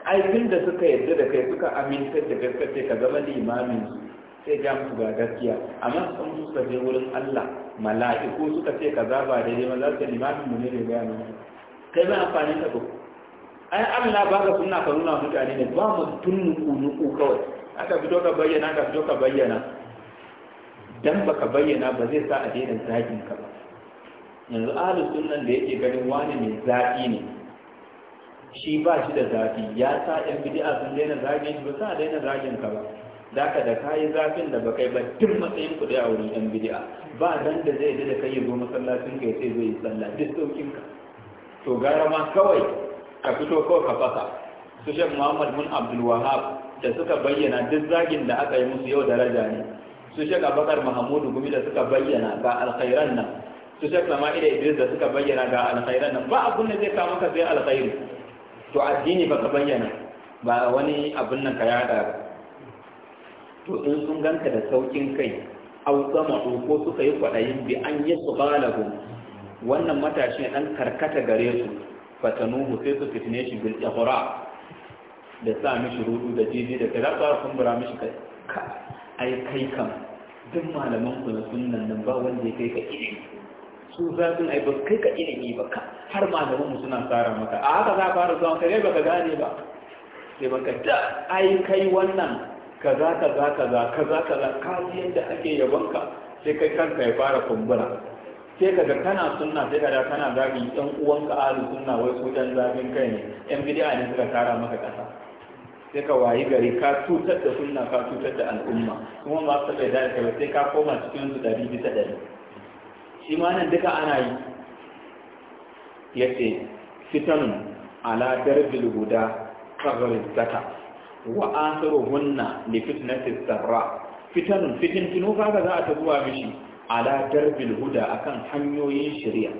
ai tun da suka yarda da kai suka aminta da gaskace ka zama limamin su sai ga musu ga gaskiya amma sun su ka je wurin Allah mala'iku suka ce za ba daidai ma za su limamin mu ne da gaya mana kai ba amfani da ku ai Allah ba ka sunna ka nuna mutane ne ba mu ku ku kawai aka fito ka bayyana ka fito ka bayyana dan baka bayyana ba zai sa a daina zagin ka ba yanzu ahalin sunan da yake ganin wani mai zafi ne shi ba shi da zafi ya sa yan bidi'a sun daina zafi shi ba sa daina zagin ka ba ka da kayi zafin da bakai ba tun matsayin kuɗi a wurin yan bidi'a ba dan da zai da kai zo masallacin ka sai zai yi sallah duk saukin ka to gara ma kawai ka fito kawai ka fasa su shek muhammad mun abdul wahab da suka bayyana duk zagin da aka yi musu yau daraja ne su shek abakar mahamudu gumi da suka bayyana ga alkhairan nan su shek sama ida idris da suka bayyana ga alkhairan nan ba abun da zai kama maka zai alkhairu, to addini ba ka bayyana ba wani abun nan ka yada ba to in sun ganka da saukin kai au sama ko suka yi kwaɗayin bi an yi su wannan matashi ɗan karkata gare su fatanuhu sai su fitne shi bil ihra da sa mishi rudu da jiji da kaza ba kun bura mishi kai ai kai kam duk malaman ku na sunnan nan ba wanda ya kai ka ilimi su zafin ai ba kai ka ilimi ba ka har malamin suna tsara maka a haka za fara zuwa kai ka gane ba sai baka da ai kai wannan ka za ka za ka za ka za za ka yadda ake yabonka sai kai kanka ya fara kumbura sai kaga kana sunna sai kaga kana zagi ɗan uwanka ahli sunna wai su dan zagin kai ne yan bid'a ne suka tara maka kasa sai ka wayi gari ka cutar da sunna ka cutar da al'umma kuma ba su taɓa da kai sai ka koma cikin su ɗari bisa ɗari shi ma duka ana yi Ya ce fitanun ala darbil guda kagharin zata wa asaruhunna li fitnati sarra fitanun fitin tinu kaga za a ta zuwa mishi ala darbil guda akan hanyoyin shirya.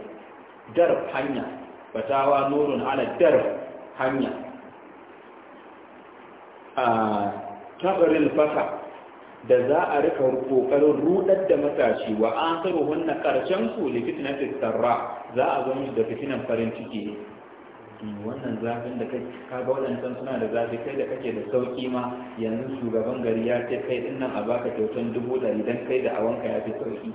dar hanya fatawa nurun ala dar hanya a ah, tabaril fasa da za a rika kokarin rudar da matashi wa akhiru hunna karshen su li fitnatis sarra za a zo da fitinan farin ciki wannan zafin da ka ga waɗancan suna da zafi kai da kake da sauƙi ma yanzu shugaban gari ya ce kai din nan a baka kyautan dubu ɗari dan kai da awanka ya fi sauƙi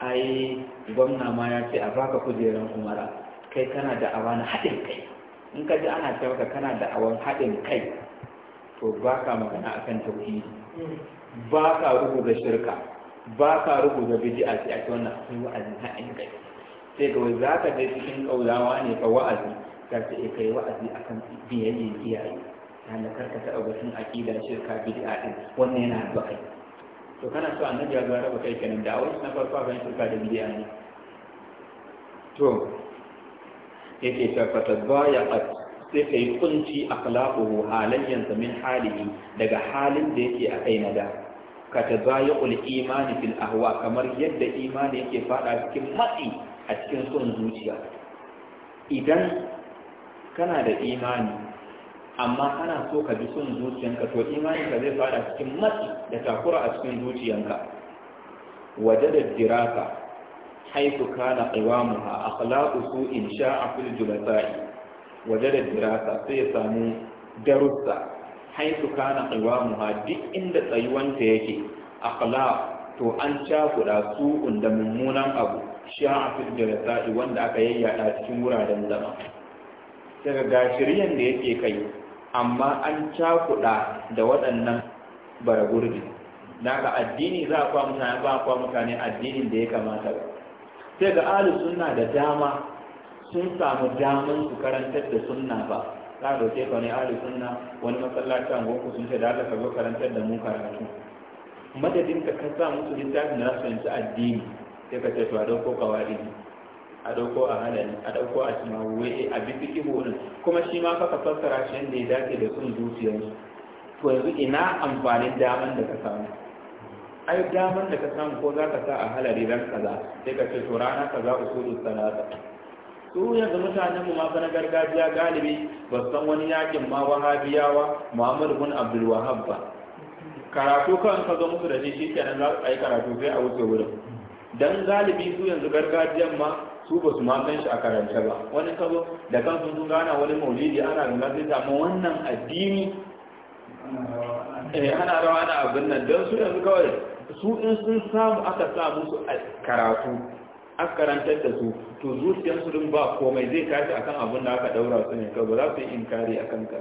ai gwamna ma ya ce a baka kujeran umara kai kana da awa na haɗin kai in ka ji ana cewa kana da awan haɗin kai to baka magana akan tauhidi ba ka ga shirka ba ka rubuta bid'a sai ake wannan akwai wa'azi na ayin kai sai ga za ka dai cikin kaulawa ne ka wa'azi ka ce eh kai wa'azi akan biyayyen iyaye na karka taɓa batun aƙida shirka bid'a din wannan yana da kai to kana so annabi ya zuwa raba kai kenan da awai na farko akan shirka da bid'a ne to yake ta fata baya qat sai ka yi kunci a halin yanzu min halihi daga halin da yake a kai na da ka ta zaya imani fil ahwa kamar yadda imani yake faɗa cikin matsi a cikin son zuciya idan kana da imani amma kana so ka bi son zuciyanka to imaninka zai faɗa cikin matsi da takura a cikin zuciyanka da jiraka haifu kana su in sha a fil julasa'i waje da dirasa sai ya samu darussa haitu kana qiwamuha duk inda tsayuwanta yake akhlaq to an cakuɗa su da mummunan abu sha'a fil dirasa wanda aka yayyada cikin wuraren zama daga gashiriyan da yake kai amma an cakuɗa da waɗannan baragurbi gurbi daga addini za a kwa mutane addinin da ya kamata ba sai ga ahlus suna da dama sun samu daman su karantar da sunna ba za a dauke ka ne ahli sunna wani masallacin an gonku sun ce da aka zo karantar da mu karatu madadin ka kan sa musu littafi na su addini sai ka ce to a dauko ne a dauko a halali a dauko a cimawoyi eh, a bi fiki horin kuma shi ma ka fassara shi yadda ya dace da sun zuciyarsu to yanzu ina amfanin daman da ka samu ai daman da ka samu ko za ka sa a halari ran kaza sai ka ce to rana kaza usulu salata su yanzu mutanen mu masu na gargajiya galibi ba san wani yakin ma wahabiyawa Muhammadu bin abdul wahab ba karatu kan ka zo musu da shi shikenan za su ayi karatu sai a wuce wurin dan galibi su yanzu gargajiyan ma su ba su ma san shi a karance ba wani ka zo da kansu sun gana wani maulidi ana ganga sai samu wannan addini eh ana rawa da abin nan dan su yanzu kawai su in sun samu aka sa musu karatu aka karantar da su to zuciyarsu din ba komai zai tashi akan abin da aka daura su ne ka ba za su yi inkari akan ka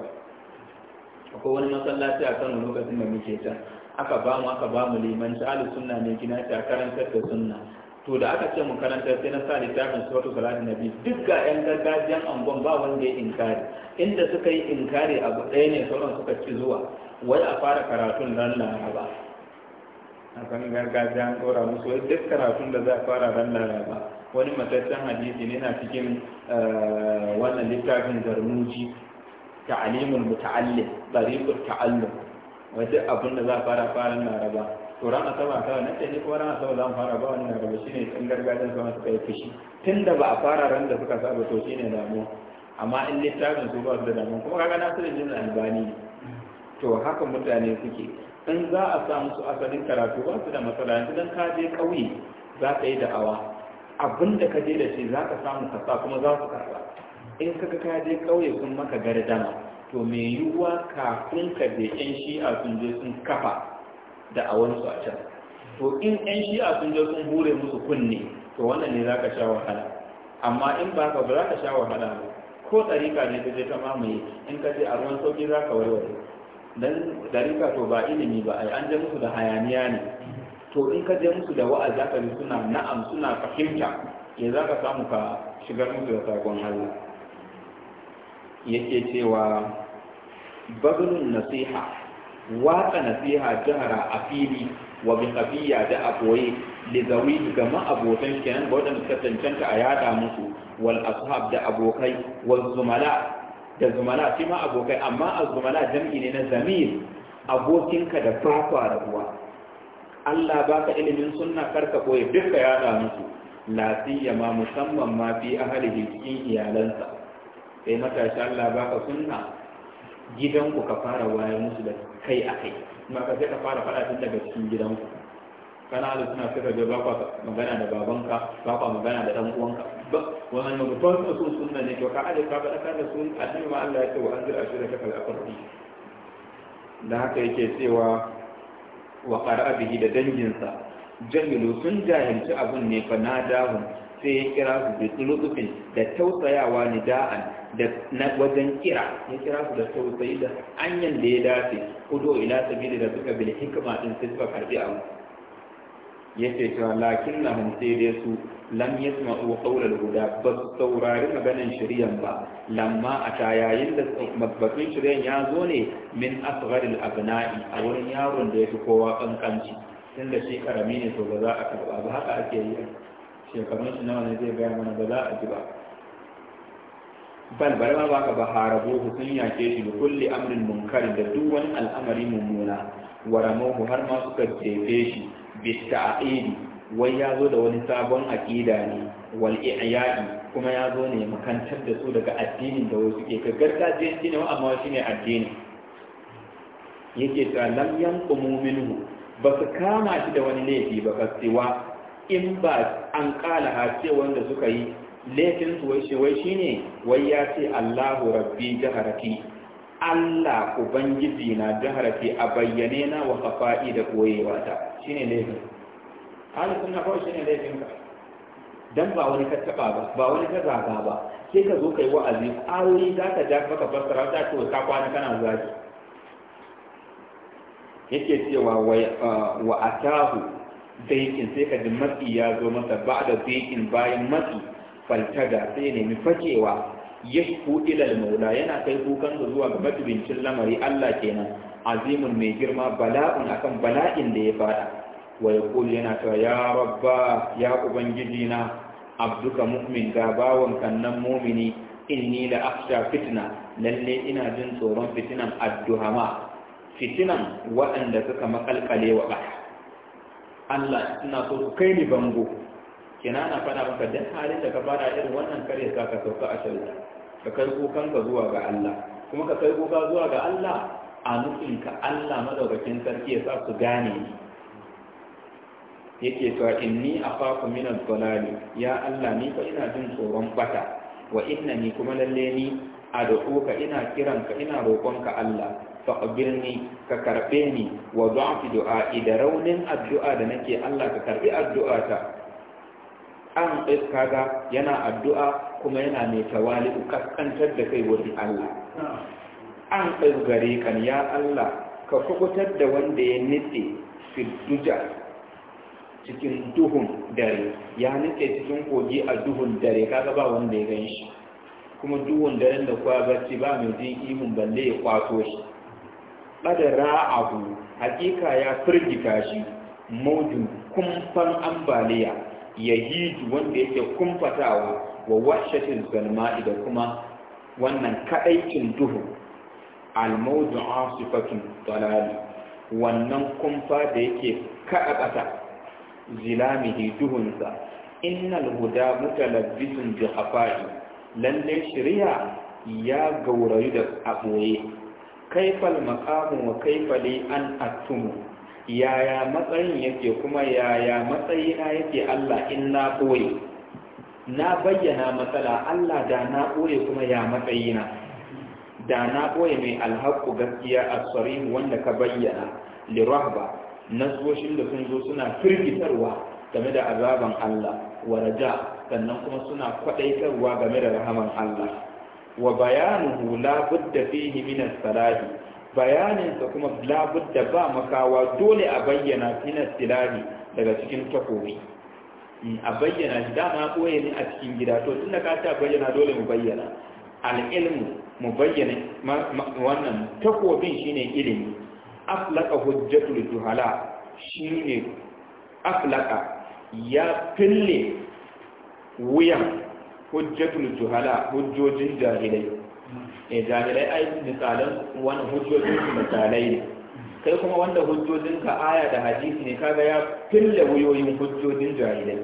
akwai wani masallaci a kan lokacin da muke ta aka ba mu aka ba mu liman ta alu sunna ne gina ta karantar da sunna to da aka ce mu karanta sai na sa littafin suratul salatu nabi duk ga yan gargajiyan angon ba wanda ya inkari inda suka yi inkari abu ɗaya ne sauran suka ci zuwa wai a fara karatun ran laraba akan gargajiya an ɗora musu wai duk karatun da za a fara ran laraba wani mataccen hadisi ne na cikin eh, wannan littafin zarmuji ta'alimul muta'allim tariqut ta'allum wai duk abin da za a fara fara laraba to ran asaba kawai nan ce ne ko ran asaba za mu fara ba wannan laraba shine ɗan gargajiyar sama suka yi fushi tunda ba a fara ran da suka saba to shine damuwa amma in littafin su ba su da damuwa kuma kaga na su da albani to haka mutane suke in za a sa musu asalin karatu ba su da matsala yanzu dan ka je ƙauye za ka yi da'awa abin da ka je da shi za ka samu kasa kuma za su kasa. in ka ka je ƙauye sun maka gardama to me yiwuwa kafin ka je yan shi'a sun je sun kafa su a can to in yan shi'a sun je sun hure musu kunne to wannan ne za ka sha wahala amma in ba ka ba za ka sha wahala ko ɗarika ne ta je ta mamaye in ka je a ruwan sauƙi za ka warware dan dariƙa to ba ilimi ba ai an je musu da hayaniya ne to in ka je musu da wa'azi zaka ji suna na'am suna fahimta ya za samu ka shigar musu da sakon hali yake cewa bazulun nasiha watsa nasiha jahara a fili wa bi qabiya da a li zawi ga ma'abotan kenan ga wadanda suka cancanta a yada musu wal ashab da abokai wal zumala da zumana shi ma abokai amma a zumana jam'i ne na zamir abokinka da kwakwa da uwa Allah baka ilimin sunna karka koyi duka ya da musu lafiya ma musamman ma fi ahlihi cikin iyalansa sai matashi Allah ba ka sunna gidanku ka fara wayar musu da kai a kai maka sai ka fara faɗa tun daga cikin gidanku kana da suna suka ga ba kwa magana da babanka ba kwa magana da dan uwanka ba wannan ne ba su su sunna ne to ka aje ka ba da su annabi ma Allah ya ce wa anzir ashira ka kal aqrabi da haka yake cewa wa qara bihi da danginsa jamilu sun jahilci abun ne fa na dahun sai ya kira su da tsulutsufin da tausayawa nida'an da na wajen kira ya kira su da tausayi da anyan da ya dace kudo ila sabili da suka bil hikma din sai suka karbi abu yace cewa lakinnahum sai dai su lam yasma'u qawlal huda ba su saurari maganan shari'an ba lamma a ta yayin da mabbatun shari'an ya zo ne min asgharil abna'i a wurin yaron da ya fi kowa kankanci tun da shi karami ne to ba za a karba ba haka ake yi shekarun shi nawa ne zai gaya mana ba za a ji ba bal bari ma baka ba harabuhu sun yake shi da kulli amrin munkari da duk wani al'amari mummuna waramuhu har ma suka jefe shi bitta'idi wai ya zo da wani sabon aƙida ne wal i'ya'i kuma ya zo ne makantar da su daga addinin da wasu ke ka je shi ne amma shi ne addini yake ta lam yan ba su kama shi da wani laifi ba kasiwa in ba an kala ce wanda suka yi laifin su wai shi wai shine wai ya ce Allahu rabbi jaharaki Allah Ubangiji na jaharafi a bayyane na wa kafa'i da koyewa ta shi ne laifin halin suna kawai shi ne laifin ka Don ba wani ka ba ba wani ka zaga ba sai ka zo kai wa'azi aure za ka ja maka fassara ta ce ka kwana kana zaki yake cewa wa uh, atahu baikin sai ka ji matsi ya zo masa ba da baikin bayan matsi faltaga sai nemi fakewa yashku ila al-maula yana kai kukan zuwa ga matubincin lamari Allah kenan azimun mai girma bala'un akan bala'in da ya fada wa yaqul yana cewa ya rabba ya ubangiji na abduka mu'min ga bawon kannan mu'mini inni la akhsha fitna lalle ina jin tsoron fitinan adduhama fitinan waɗanda suka makalkale wa Allah ina so ku kai ni bango ina na faɗa maka duk halin da ka fara irin wannan karya sa ka sauka a shari'a ka kai kukanka zuwa ga Allah kuma ka kai kuka zuwa ga Allah a nufin ka Allah madaukakin sarki ya sa su gane yake cewa inni akhafu min ad ya Allah ni fa ina jin tsoron bata wa ni kuma lalle ni ad'uka ina kiranka ina ka Allah abirni ka karbe ni wa du'afi du'a da raunin addu'a da nake Allah ka karbi addu'ata an kaga yana addu'a kuma yana mai tawali kaskantar da kai wurin Allah an gare kan ya Allah ka kubutar da wanda ya nitse fiduja cikin duhun dare ya nitse cikin kogi a duhun dare kaga ba wanda ya gan shi kuma duhun dare da kwa barci ba mai jin ihun balle ya kwato shi ƙadara abu hakika ya firgita shi maujin kumfan ambaliya yahiju wanda yake kumfatawa wa washatin zalma'i da kuma wannan kaɗaikin duhu almaudu asifatun dalali wannan kumfa da yake Zilami zilamihi duhunsa innal huda mutalabbisun bi hafashi. lalle shiriya ya gaurayu da aboye kaifal maqamu wa kaifali an atumu yaya matsayin yake kuma yaya matsayina yake Allah in na ɓoye na bayyana matsala Allah da na ɓoye kuma ya matsayina da na ɓoye mai alhaku gaskiya a tsarin wanda ka bayyana lirahba nasoshin da sun zo suna firgitarwa game da azaban Allah wa raja sannan kuma suna kwaɗaitarwa game da rahaman Allah wa bayanuhu la budda fihi min as-salahi bayaninsa kuma labudda ba makawa dole a bayyana fina silari daga cikin takobi a bayyana shi dama koyi ne a cikin gida to tun da ta bayyana dole mu bayyana al'ilmu mu bayyana wannan takobin shine ilimi aflaka hujjatul juhala shine aflaka ya fille wuyan hujjatul juhala hujjojin jahilai eh jahilai ai misalan wani hujjojin misalai ne kai kuma wanda hujjojin ka aya da hadisi ne kaga ya fille wuyoyin hujjojin jahilai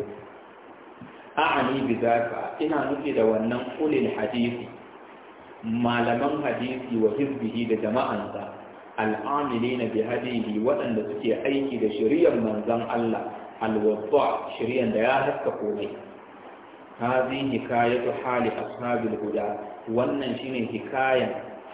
a'ani bi zaka ina nufi da wannan ulil hadisi malaman hadisi wa hizbihi da jama'ansa al'amilina bi hadihi waɗanda suke aiki da shiriyar manzon Allah alwadda shiriyar da ya haska komai hazihi حكاية حال ashabil guda. wannan shine hikayan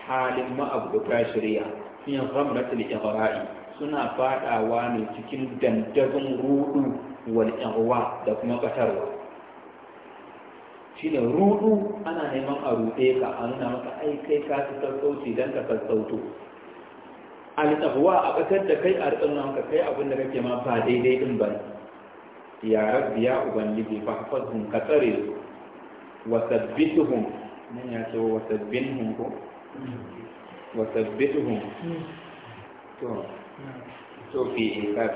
halin ma'abuta shari'a min ghamratul ighra'i suna fadawa ne cikin dandazon rudu wal ighwa da kuma katarwa shine rudu ana neman a rude ka a nuna maka ai kai ka ci sassauci dan ka sassauto al ighwa a kasar da kai a rikin ka kai abin da kake ma ba daidai din ba ya rabbi ya ubangiji fa hafazhum ka tsare su wa sabbituhum nan ya ce to fi in ka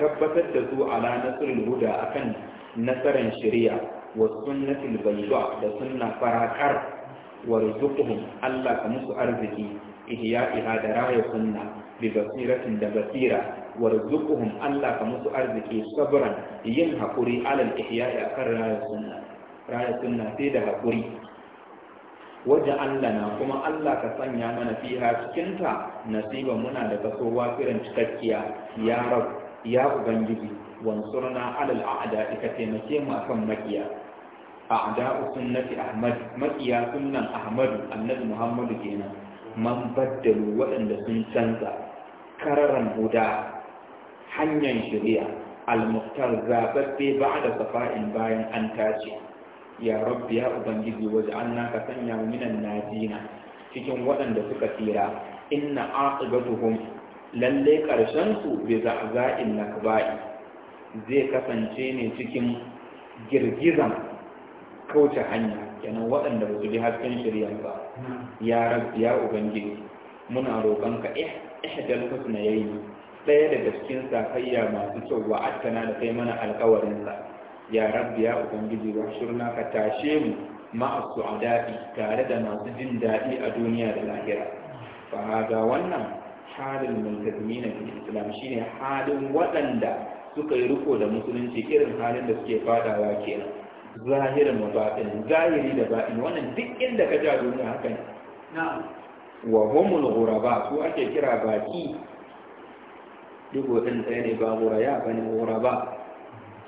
tabbatar da su ala nasrul huda akan nasaran shari'a wa sunnatul bayda da sunna farakar warzuquhum Allah ka musu arziki ihya iha da raya sunna bi basiratin da basira warzuquhum Allah ka musu arziki sabran yin haƙuri alal ihya akan raya sunna raya suna sai da haƙuri Waje Allah na kuma Allah ka sanya mana fiha cikinta nasiba muna da kaso firin cikakkiya ya rab ya ubangiji wansurna alal a'da ka taimake mu akan makiya a'da sunnati ahmad makiya sunnan ahmad annabi muhammadu kenan man baddalu waɗanda sun canza kararan huda hanyar shari'a al-muhtar zababbe ba da safa'in bayan an tace ya rabbi ya ubangiji waje waj'alna ka sanya minan minan najina cikin waɗanda suka tsira inna aqibatuhum lalle ƙarshen su bai bi za'za'in nakba'i zai kasance ne cikin girgizan kauce hanya kenan waɗanda ba su bi hasken shirya ba ya rabbi ya ubangiji muna roƙonka ihdal eh, eh, yayi ɗaya daga cikin sakayya masu kyau wa'adtana da kai mana sa ya rabbi ya ubangiji wa shirna ka tashe mu a daɗi tare da masu jin daɗi a duniya da lahira fa ga wannan halin na fil islam shine halin waɗanda suka yi riko da musulunci irin halin da suke fadawa kenan zahirin mabaɗin zahiri da baɗin wannan duk inda ka ja duniya haka ne wa humul ghuraba su ake kira baki dugo din tsaye ne ba ghuraya bane ghuraba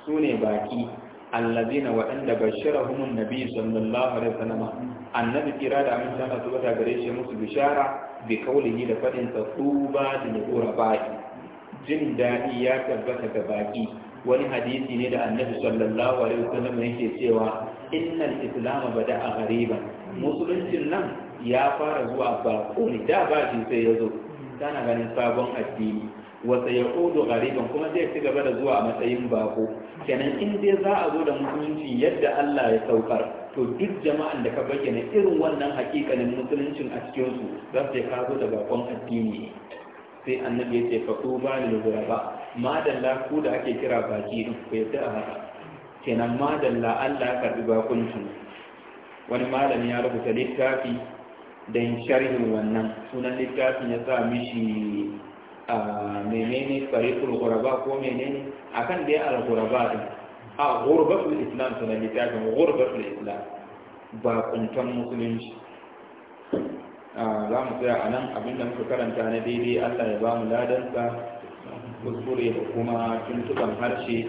su ne baki allazina waɗanda bashirahumun nabi sallallahu alaihi wasallam annabi kira da amince Allah gare shi musu bishara bi kaulihi da fadin sa tuba da yura baki jin dadi ya tabbata ga baki wani hadisi ne da annabi sallallahu alaihi wasallam yake cewa innal islam bada'a ghariban musuluncin nan ya fara zuwa bako ne da ba sai ya zo tana ganin sabon addini ya sayaudu gariban kuma zai ci gaba da zuwa a matsayin bako kenan in dai za a zo da musulunci yadda Allah ya saukar to duk jama'an da ka bayyana irin wannan hakikanin musuluncin a cikin su za su ka zo da bakon addini sai annabi ya ce fa tuba lil ba. madalla ku da ake kira baki din ku yadda a haka kenan madalla Allah ya karbi su wani malami ya rubuta littafi da sharhin wannan sunan littafin ya sa mishi menene tariqul ghuraba ko menene akan ya al-ghuraba din a ghurbatul islam suna littafin ghurbatul islam ba kuntan musulunci za mu tsaya a nan abinda muka karanta na daidai Allah ya ba mu ladansa kuskure da kuma tuntuban harshe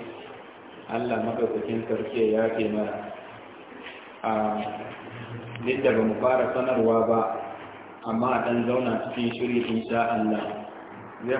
Allah madaukakin sarki ya ke mara. a duk da ba mu fara sanarwa ba amma a ɗan zauna cikin shiri insha Allah